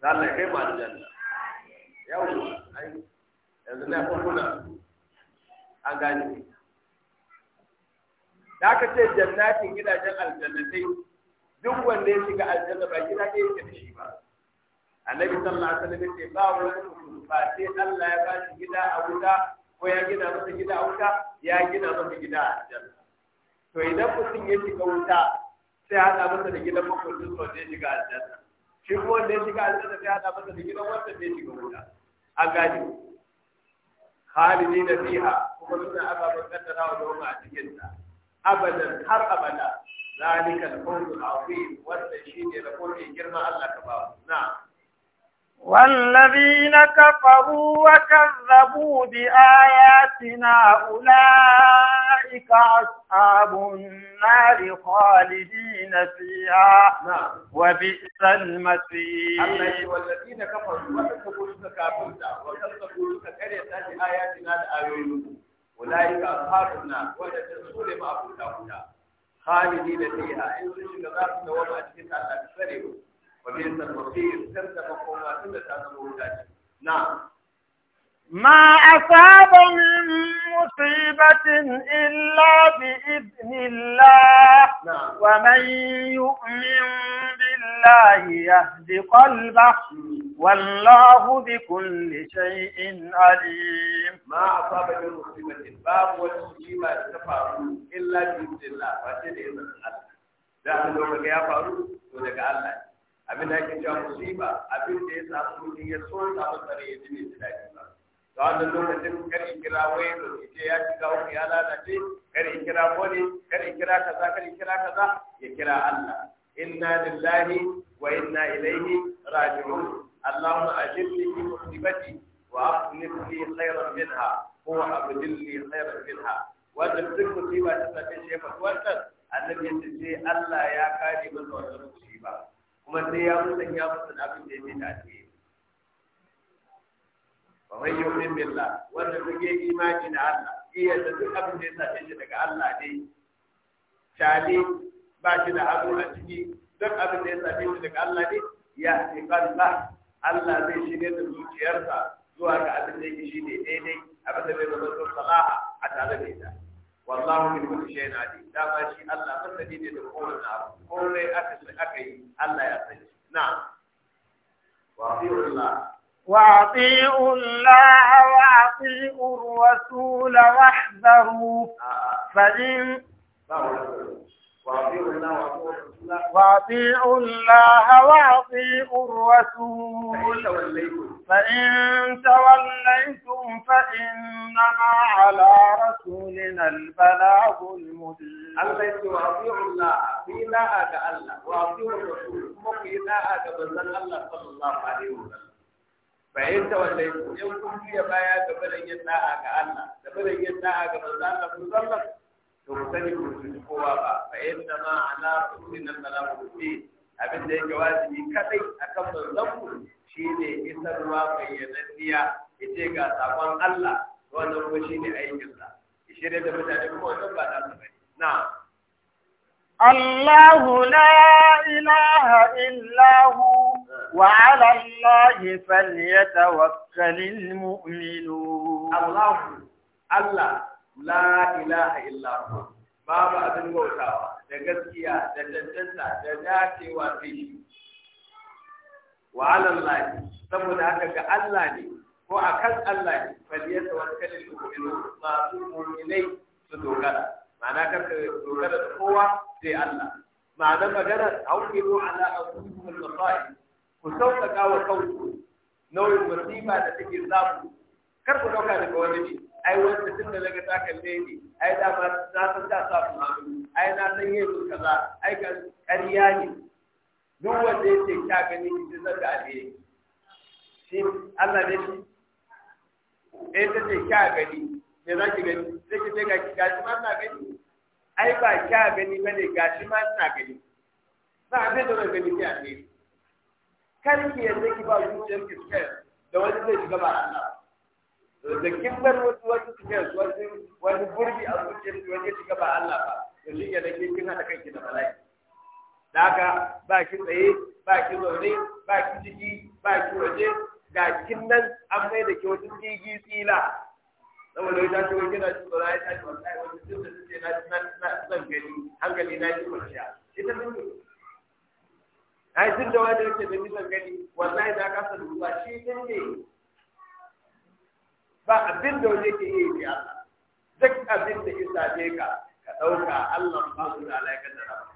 za Allah kai ma aljanna yau ai yanzu na kuna an gane da aka ce jannatin gidajen aljannatai duk wanda ya shiga aljanna ba gida da yake da shi ba annabi sallallahu alaihi wasallam ce ba wani mutum ba sai Allah ya ba shi gida a wuta ko ya gina masa gida a wuta ya gina masa gida a aljanna to idan mutum ya shiga wuta sai haɗa masa da gidan makwabcin sau shiga aljanna shi ruwan da ya shiga aljanna sai hada masa da gidan wanda bai shiga wuta an gane khalidi na fiha kuma suna ababen kaddara wa zama a cikin ta abadan har abada zalika al-fawz al-azim wannan shine rabon girma Allah ka ba na والذين كفروا وكذبوا بآياتنا أولئك أصحاب النار خالدين فيها نعم. وبئس المصير والذين كفروا وكذبوا وكذبوا بآياتنا أولئك أصحاب النار خالدين فيها إن شاء الله نوم أجل الله Ma a sabon musibatin illa bi ibnilla wa man yu'min billahi yahdi qalba wallahu bi kulli shay'in alim ma a sabon musibatin babu wata musiba ta faru illa bi ibnilla ba ce da yanzu Allah da aka zo daga ya faru to daga Allah abin da ake cewa musiba abin da ya samu mutum ya so ya samu tsare ya ji da daɗi ba to a wannan lokacin kar in kira wai da ce, ya shiga uku ya lalace kar in kira bone kar kira kaza kar kira kaza ya kira Allah inna lillahi wa inna ilaihi raji'un اللهم أجلني في مصيبتي وأخلف لي خيرا منها هو أبدل لي خيرا منها وأنا بكل مصيبة تسمى شيء فتوتر النبي يقول الله يا كاري من وجه المصيبة kuma sai ya ya musu da abin da ya yi. Ba Wai yau yu'min billah wanda duk ya imani da Allah iya da duk abin da ya sace shi daga Allah ne shali ba shi da abu a ciki duk abin da ya sace shi daga Allah ne ya ce ba Allah zai shirye da zuciyarsa zuwa ga abin da yake shi ne daidai abin da zai zama sala'a a tare da ita والله من كل شيء عليم لا ماشي الله فالذين يدخلون النار قل لي إيه؟ اكل اكل الله يعطيك نعم واطيعوا الله واطيعوا الله واطيعوا الرسول وحده آه. فان وأطيعوا الله وأطيعوا الرسول فإن توليتم فإنما على رسولنا البلاغ المبين. الله وأطيعوا الله في لا أجا الله وأطيعوا الرسول مقي لا أجا الله صلى الله عليه وسلم. فإن توليتم يوم كنت يا بايا قبل أن يدعى الله قبل الله صلى الله to sani ku kowa ba fa inna ma ala rasulina salamu alaihi abin da yake wajibi kadai akan manzon ku shine isarwa bayyananniya yace ga sakon Allah wannan kuma shine aikin sa shirye da mutane kuma wannan ba da su bane الله لا إله إلا هو وعلى الله فليتوكل المؤمنون الله الله la ilaha illa hu babu abin bautawa da gaskiya da tantanta da dacewa sai shi wa ala saboda haka ga Allah ne ko akan Allah ne faliyata wani kalil mu'minu masu mu'minai su dogara ma'ana kar ka dogara da kowa sai Allah ma'ana magana auqilu ala anfusikum al-masa'ib ku sauƙaƙa wa kanku nauyin musiba da take zamu kar ku dauka daga wani ne ai wanda tun da daga ta kalle ni ai da ma na san ta sa mu hannu ai na san yayi mun kaza ai kan ƙarya ne duk wanda yake ka gani ki san da alheri shi Allah ne shi eh ta ce ka gani me za ki gani sai ki ce ga ki gashi ma na gani ai ba ka gani bane gashi ma na gani ba abin da zan gani a alheri kar ki yadda ki ba zuciyar ki da wani zai shiga ba Allah da kin bar wasu wasu wasu wani gurbi a zuciyar ki wani shiga ba Allah ba to shi ke da ke kin hada kanki da bala'i da haka ba ki tsaye ba ki zaune ba ki ciki ba ki waje ga kin nan an mai da ke wasu tsigi tsila saboda wata ce wani gina cikin tsara ya tashi wata ya wani cikin da suke na nan gani hankali na ji kwanciya ita ne ai tun da wani yake da nisan gani wallahi da ka sa ba shi ne ba abin da wani ke yi ne Allah duk abin da isa ne ka ka ɗauka Allah ba su da alaƙar da rabu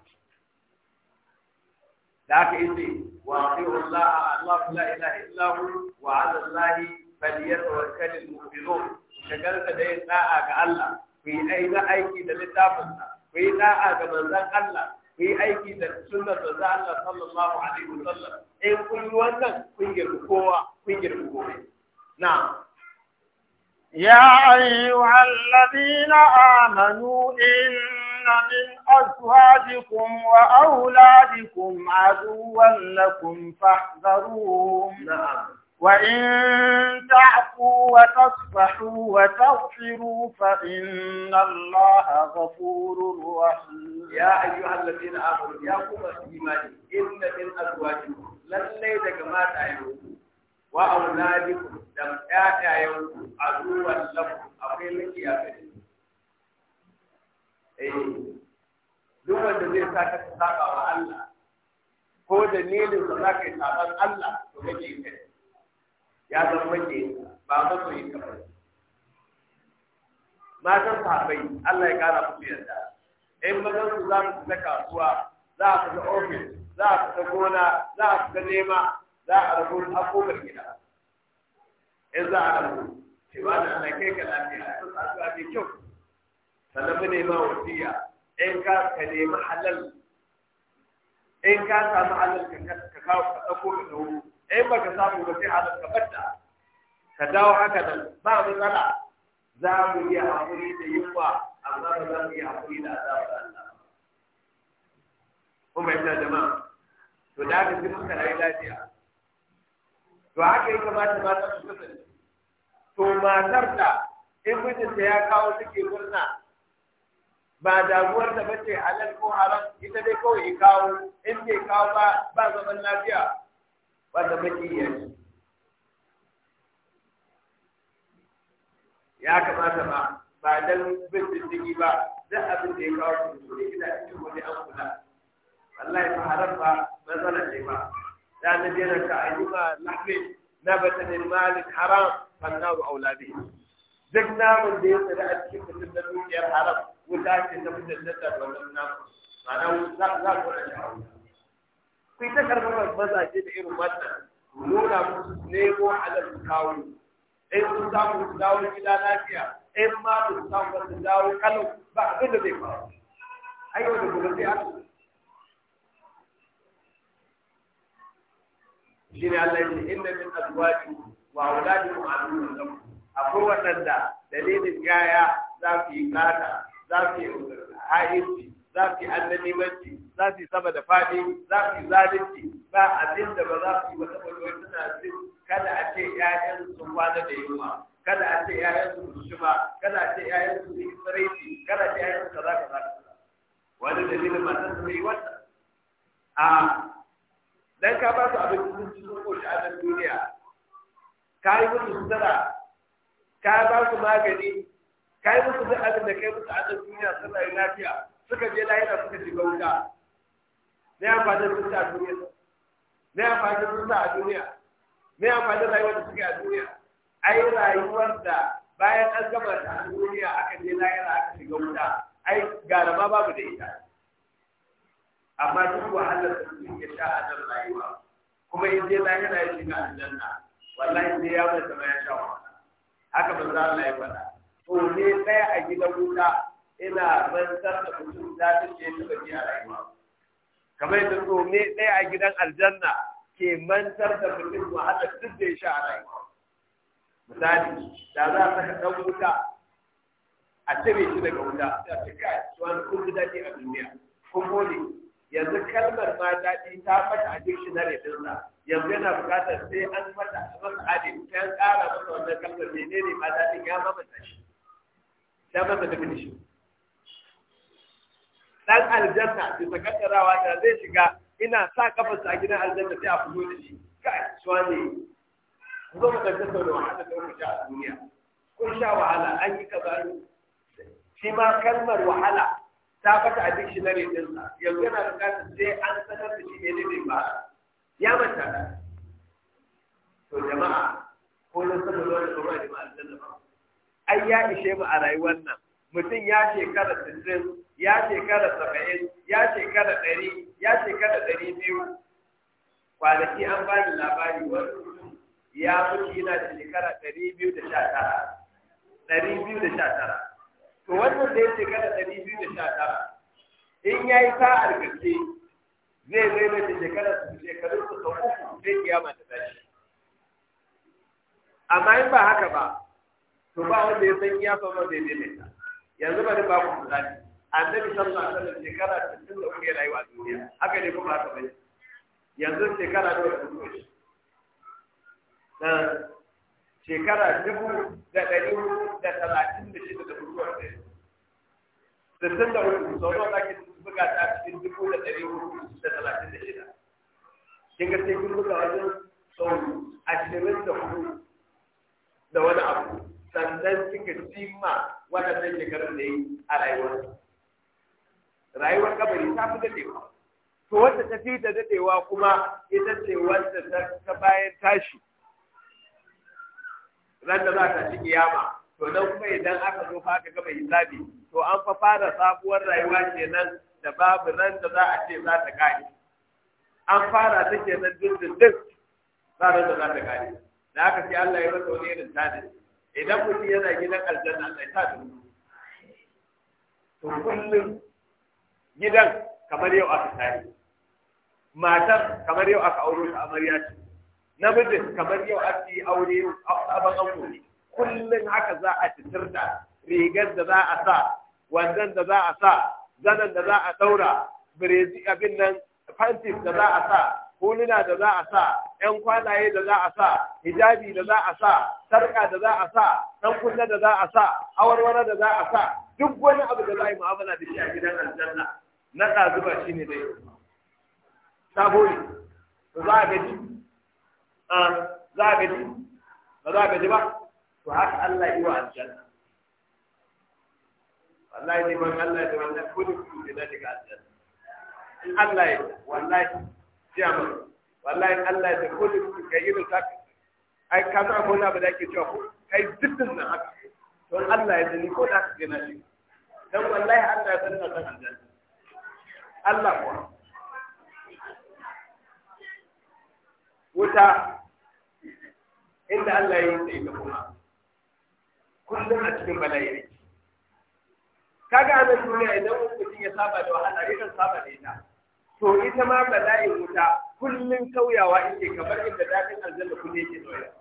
da aka yi ce wa fi Allah Allah la ilaha illa hu wa ala Allah falyatawakkal al-mu'minun shagalta da yin da'a ga Allah ku yi aiki aiki da littafinsa ku yi da'a ga manzon Allah ku yi aiki da sunnar da za Allah sallallahu alaihi wasallam in kun yi wannan kun girbi kowa kun girbi komai na'am يا أيها الذين آمنوا إن من أزواجكم وأولادكم عدوا لكم فاحذروهم نعم وإن تعفوا وتصفحوا وتغفروا فإن الله غفور رحيم يا أيها الذين آمنوا يا قوم الإيمان إن من أزواجكم لن ليدك ما تعلمون wa auladikum da ƴaƴayenku azuwan a akwai miki a gare eh duk wanda zai sa ka saba wa Allah ko da dalilin da ka yi saban Allah to kake kai ya zama mace ba yi ka ba matan sahabai Allah ya kara musu yarda in mazan su za su fita kasuwa za su fita ofis za su fita gona za su fita nema تعرف الأقوى كده إذا عرفوا شوانا أنا كيك الأبي أسأل أبي شوف سلمني ما وسيا إن كان كده محلل إن كان محلل كاو أقوى إنه إن ما كسبوا بس على كبتة كداو هكذا ما بطلع za mu iya haƙuri da yunwa amma ba za mu iya haƙuri da azabar Allah. Kuma ita jama'a, to da aka fi muka rayu lafiya, to haka ya kamata mata su kasance to matar ta, in ta ya kawo take murna ba damuwar da bace halal ko haram ita dai kawai ya kawo in bai kawo ba ba zaman lafiya wanda baki iya shi ya kamata ba ba dan bin diddigi ba da abin da ya kawo su ne ina cikin wani an kula wallahi ba haram ba matsalar ne ba na لا ندينك أيما na نبت من مال Haram, فالنار أولى به duk namun da ya tsira a cikin mutum na dukiyar haram wuta ce ta fitar da ta wannan namun ma'ana za za ku rage a wuta ku ta karɓar mazaje da irin wannan nuna musu nemo halar su kawo in sun samu su dawo gida lafiya in ma su samu su dawo kano ba abin da zai faru ai yau da gobe sai shine Allah yake inna min azwaji wa auladi aduwwun lakum akwai wadanda dalilin gaya za su yi kata za su yi ha'inci za su yi annabimanci za su yi sama da fadi za su yi zalunci ba abin da ba za su yi ba saboda wani suna jin kada a ce ƴaƴan sun kwana da yunwa kada a ce ƴaƴan sun su ba kada a ce ƴaƴan sun yi tsiraici kada a ce ƴaƴan su kaza kaza wani dalilin ba ta su yi wannan a dan ka ba su abinci sun ci sun koshi a nan duniya ka yi musu sutura ka ba su magani ka yi musu duk abin da kai musu a nan duniya sun lafiya suka je lahira suka shiga wuta me amfanin sun a duniya me amfanin sun a duniya me amfanin rayuwar da suke a duniya ai rayuwar da bayan an gama ta duniya aka je lahira aka shiga wuta ai ma babu da ita amma duk wahalar da mutum ke sha a nan rayuwa kuma in je lahira ya shiga aljanna wallahi sai ya bai zama ya sha wahala haka za na yi faɗa to ne ɗaya a gidan wuta ina rantsar da mutum za ta ce ta baki a rayuwa kamar yadda to ne ɗaya a gidan aljanna ke mantar da mutum wahala duk da ya sha a rayuwa misali da za a saka ɗan wuta a cire shi daga wuta sai a ce kai wani kun ji daɗi a duniya kun gode yanzu kalmar ma daɗi ta mata a dictionary ɗinsa yanzu yana buƙatar sai an mata masa adin ta ƙara masa wannan kalmar menene ma daɗi ya mamata shi ya masa definition dan aljanna bisa kaddarawa da zai shiga ina sa kafarsa a gidan aljanna sai a fito da shi kai suwa ne zo mu tafi sau da wahala da muka a duniya kun sha wahala an yi kaza shi ma kalmar wahala ta fata a dictionary din sa yanzu yana bukatar sai an sanar da shi ne ne ba ya manta da to jama'a ko na saboda wani kuma da ma'azin ba ai ya ishe mu a rayuwar nan mutum ya shekara sittin ya shekara saba'in ya shekara ɗari ya shekara ɗari biyu kwanaki an ba ni labari wani ya mutu yana da shekara ɗari biyu da sha tara ɗari biyu da sha tara to wannan da ya kana ɗari biyu da sha tara in ya yi sa'ar gaske zai zai mai da shekarar shekarun su sau uku zai kiyama ta tashi amma in ba haka ba to ba wanda ya san kiyama ba zai daidaita yanzu ba bari ba ku misali annabi sallallahu alaihi wasallam shekara 63 ya rayuwa a duniya haka ne kuma haka bai yanzu shekara da wata shekara dubu da ɗari da talatin da shida da mutuwar ɗari. Sassan da hudu sau nawa ake buga ta cikin dubu da ɗari da talatin da shida. Kin ga sai kun buga wajen sau ashirin da hudu da wani abu sannan kika cimma waɗannan shekarun da yi a rayuwar. Rayuwar kabari ta fi daɗewa. To wanda ta fi da daɗewa kuma ita ce wanda ta bayan tashi. ranta za ta ci kiyama to nan kuma idan aka zo fa ga mai hisabi to an fa fara sabuwar rayuwa kenan da babu ranta za a ce za ta kare an fara ta kenan dindindin ranar da za ta kare da aka ce Allah ya rasa wani irin tani idan mutum yana gidan aljanna Allah ya ta dubu to kullum gidan kamar yau aka tare matar kamar yau aka auro ta amarya ce namijin kamar yau an yi aure sabon ango ne kullum haka za a fitar da rigar da za a sa wandan da za a sa zanen da za a daura birezi abin nan fantis da za a sa huluna da za a sa yan kwalaye da za a sa hijabi da za a sa sarka da za a sa dan kunna da za a sa awarwara da za a sa duk wani abu da za a yi mu'amala da shi a gidan aljanna na ɗazuba shi ne dai sabo ne za a gaji za a gaji ba za a gaji ba to haka Allah yi wa aljanna wallahi ne ban Allah da wannan kudu kudu da daga aljanna in Allah ya wallahi jiya ma, wallahi Allah ya kudu kudu kai irin saka ai ka san akwai abu da ake cewa ko kai dukkan na haka to Allah ya sani ko da ka gina shi dan wallahi Allah ya sani na san aljanna Allah kuwa wuta inda Allah ya yi sai da kuma kullum a cikin bala'i ne kaga a nan duniya idan mutum ya saba da wahala idan saba da ita to ita ma ya wuta kullum sauyawa yake kamar inda dadin aljanna kullum yake sauyawa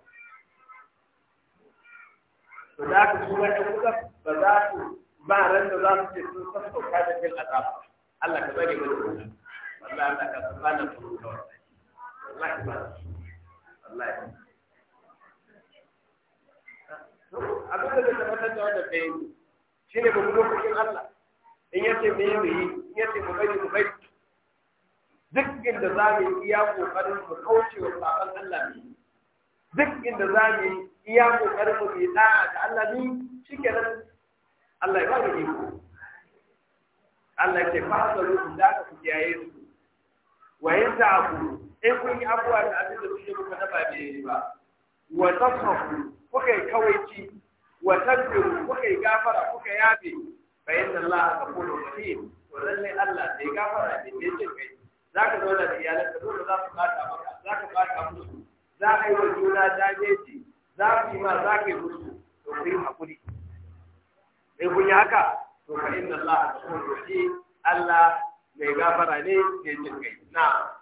to da ka kuma ɗan kuka ba za su ba ran da za su ce sun sassauka da jin azaba Allah ka bari mana wuta wallahi Allah ka tsana mu da wallahi wallahi abin da zai tabbatar da wannan ɗaya ne shi ne mu zo cikin Allah in yace me mu yi in yace mu bari mu bari duk inda za mu iya kokarin mu kauce wa saban Allah ne duk inda za mu iya kokarin mu yi da'a ga Allah ne shikenan Allah ya ba mu iko Allah ya ce fa hasaru da ka ku kiyaye su wa yantaku in kun yi abuwa da abin da kuke muka na ba bai yi ba wa tasrafu kuka yi kawaici wa tadbiru kuka yi gafara kuka yabe bayan da Allah ghafurur rahim to lalle Allah sai gafara ne ne ce kai zaka zo da iyalan ka dole za su bata maka zaka bata musu za a yi wa juna dajeji za su yi ma za ka yi musu to ku yi hakuri sai kun yi haka to fa inna Allah ghafurur rahim Allah mai gafara ne ne ce kai na'am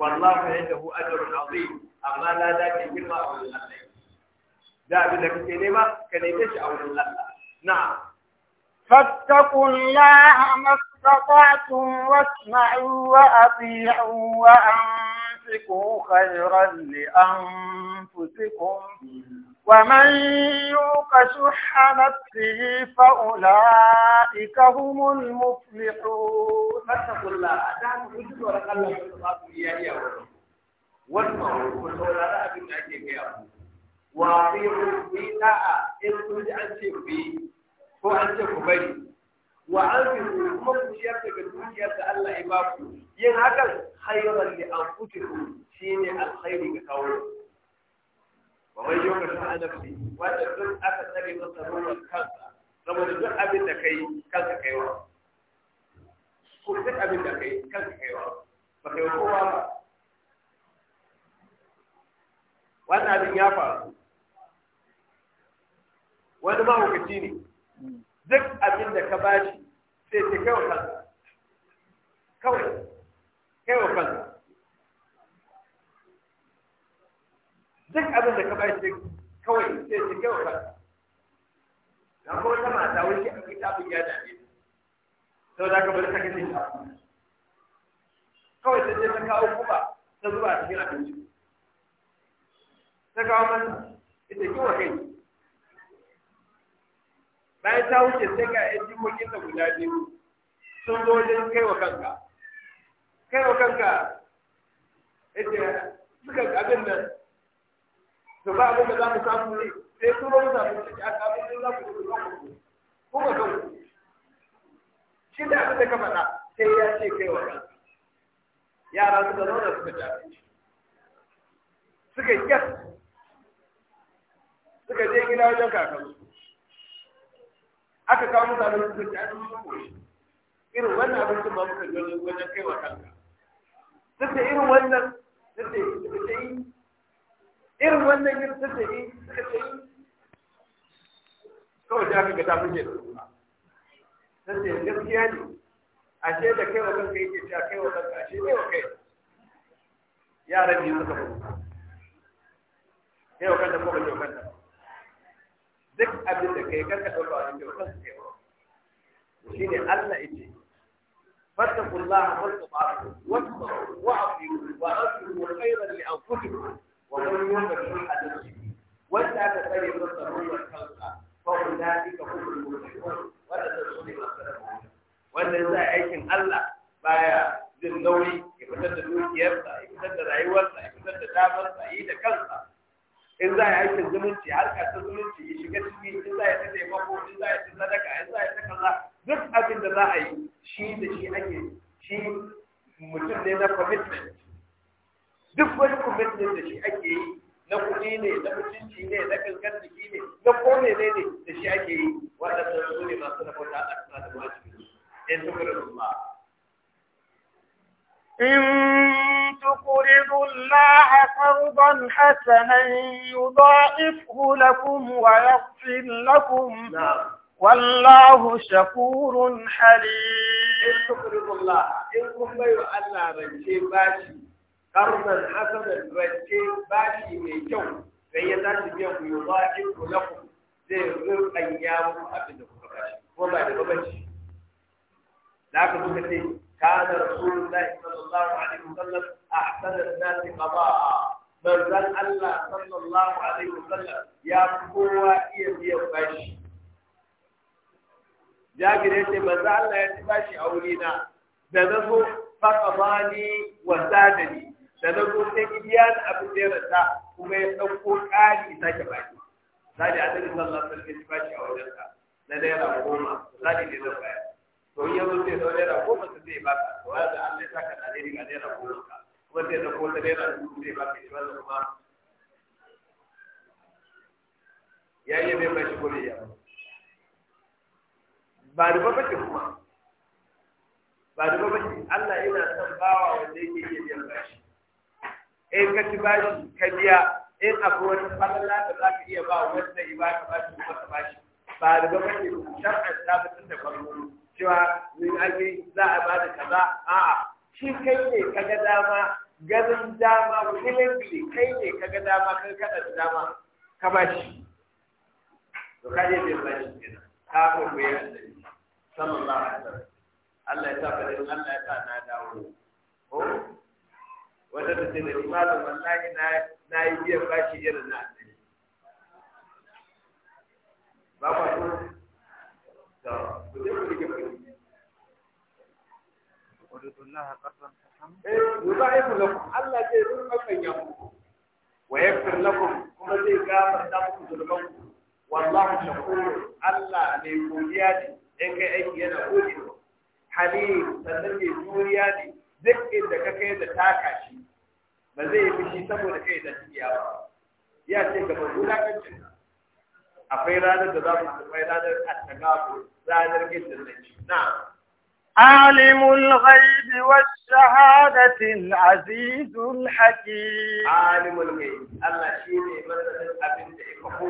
wallahi indahu ajrun azim amma la da ke girma a wurin Allah da abin da kake nema ka neme shi a wurin Allah na'am fattaqullaha mastata'tum wasma'u wa ati'u wa anfiqu khayran li ومن يوق شح نفسه فأولئك هم المفلحون فاتقوا الله أدعم وجود ورقة الله يا يا والمعروف والولاء أبن أجيب يا وأطيعوا الإيتاء إن كنت أنشئ به هو أنشئ به وأنفقوا كما كشيرت بالدنيا الله إمامكم ين هكذا خيرا لأنفسكم شيني الخير كقوله kamar yau ka ta wanda duk aka tsare masa ruwan kansa saboda duk abin da kai kanka kaiwa ko duk abin da kai ba kai kowa ba wannan abin ya faru wani mahaukaci ne duk abin da ka bashi sai ce kawai kansa kawai kaiwa kansa duk abin da ka ba shi kawai sai shi kawai ba na ko ta mata wani a kai ya dame sau da ka bari ta kashe shi kawai ta ce ta kawo kuma ta zuba a cikin abinci ta kawo mana ita wa kai bayan ta wuce sai ga yan jikokin da guda biyu sun zo wajen kai wa kanka kai wa kanka ita suka abin nan to ba abin da za mu samu ne sai turo mu samu ci aka abin da za ku zo ku ku ga kanku shi da abin da ka faɗa sai ya ce kai wa yara suka zauna suka ci abinci suka yi suka je gida wajen kakansu aka kawo musu abin suka ci abinci irin wannan abincin ba muka wajen kai wa kanka duk da irin wannan duk da yi irin wannan yin suka yi suka ce kawai da aka ta da suna ta ce gaskiya ne ashe da kai wa kanka yake a kai wa kanka ashe kai wa kai yaran biyu suka fuka kai wa kanta ko ba kai wa kanta duk abin da kai kanka ɗauka a kanka kanka kai wa shi ne Allah yake فاتقوا الله واتقوا واعطوا واعطوا وخيرا لانفسكم da wanda ومن يوم الحديث وانت تسير الضرورة الخلقة فأولئك هم المفلحون ولا تصلي مسألة wanda Wanda za aikin Allah baya jin nauyi ya fitar da dukiyarsa ya fitar da rayuwarsa ya fitar da damarsa ya yi da kansa in za a yi aikin zumunci harka ta zumunci ya shiga ciki in za a yi taimako in za a yi ta sadaka in za a yi ta kaza duk abin da za a yi shi da shi ake shi mutum ne na commitment duk wani commitment da shi ake yi na kuɗi ne na mutunci ne na gangan jiki ne na kone ne ne da shi ake yi sun su ne masu na kwata a kasa da wajibi in tukurin ma a تقرضوا الله قرضا حسنا يضاعفه lakum wa لكم lakum, Wallahu shakurun حليم In تقرضوا الله in كن بيو الله rance bashi. قرنا حسنا رجل باشي من جو فهي ذات اليوم يضاعف لكم زي غير أيام أبدا وما يبقى لكن مثل كان رسول الله صلى الله عليه وسلم أحسن الناس قضاء من ذل الله صلى الله عليه وسلم يا قوة إيه بيه باشي لكن أنت ما زال لا يتباشي أولينا فقضاني وسادني da na zo sai biya da abin da ya rasa kuma ya ɗauko ƙari sake baki zaɗi a ɗari sallah sarki ci bashi a wajen ka na naira goma zaɗi ne zan bayar to in ya zo sai ɗau naira goma su zai baka to ya da Allah ya saka da alheri ga naira goma ka kuma sai ɗauko ta naira dubu zai baka shi wannan kuma ya yi mai bashi gole ya ba da babace kuma ba da babace Allah yana son bawa wanda yake iya biyan bashi in ka ci bashi ka biya in akwai wata falala da za ka iya ba wanda ya baka bashi ba ka bashi ba da gwamnati shar'an sabitin da farko cewa ni ake za a ba da kaza a'a shi kai ne ka ga dama gazin dama willingly kai ne ka ga dama kai kada da dama ka bashi to ka je bai shi kenan ka ko ya annabi sallallahu alaihi wasallam Allah ya sa ka Allah ya sa na dawo ko wata ta ce da ni malam wallahi na yi biyan bashi irin na annabi ba ku so to ku je ku rike kuɗi wadatullah karban kasam eh yudaifu lakum Allah zai rufa kanya muku wa yaghfir lakum kuma zai gafarta muku zulmanku wallahu shakur Allah ne godiya ne in kai aiki yana gode halim sannan ne juriya ne duk inda ka kai da taka shi ba zai yi fushi saboda kai da tiya ba ya ce ga wulakancin akwai ranar da za mu akwai ranar attagabu ranar gidan da ci na عالم الغيب والشهادة العزيز الحكيم عالم الغيب الله شيني مثلا أبن تيكفو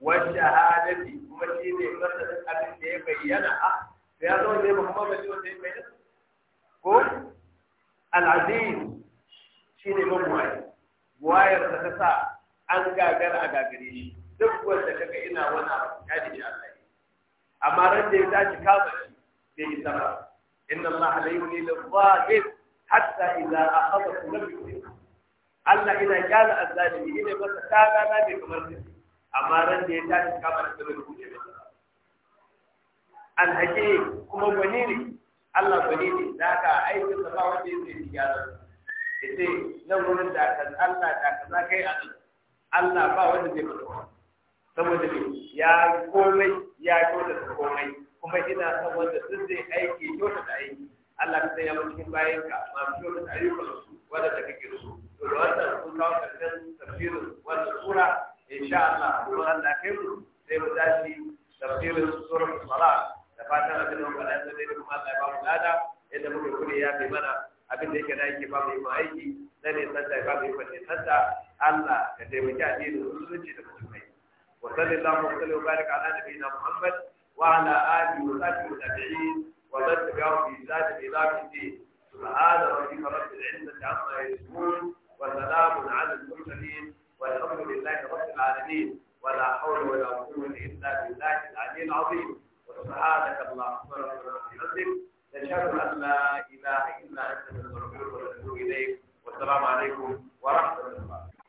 والشهادة كما مثلا أبن تيبينا في هذا الوقت محمد يقول تيبينا قول al'aziz shi ne mamuwaye wayar da ta sa an gagara a gagare shi duk wanda kaga ina wani abu ya shi Allah amma ran da ya tashi kama shi bai yi sama inna Allah la yuli lil-zahir hatta idza akhadha lam yuli Allah ina kyala azzalimi ina masa ta na bai kamar shi amma ran da ya tashi kama shi bai rubuce ba al-hakim kuma gwani ne Allah ba ne za ka aiki sa ba wanda yake gyara ce na wurin da ka Allah da ka za kai a nan Allah ba wanda zai fara saboda ne ya komai ya kyauta komai kuma ina son wanda sun zai aiki kyauta da aiki Allah ta sanya cikin bayan ka ma kyauta da ayyukan su wanda ta kake so to da wanda sun kawo karshen tafsirin wannan sura insha Allah kuma Allah kai mu sai mu zaci tafsirin suratul salat da fatan abin da muka da yanzu dai kuma Allah ya ba mu lada yadda muke kure ya mana abin da yake da yake ba mu yi aiki na ne sanda ya ba mu yi fa sanda Allah ka taimaki addinin musulunci da musulmai wa sallallahu wa sallam wa baraka ala nabiyina Muhammad wa ala alihi wa sahbihi wa tabi'in wa man tabi'ahum bi ihsan ila yawm الدين سبحان ربك رب العزة عما يصفون وسلام على المرسلين والحمد لله رب العالمين ولا حول ولا قوة إلا بالله العلي العظيم سبحانك اللهم ربنا وبحمدك نشهد ان لا اله الا انت نستغفرك ونتوب اليك والسلام عليكم ورحمه الله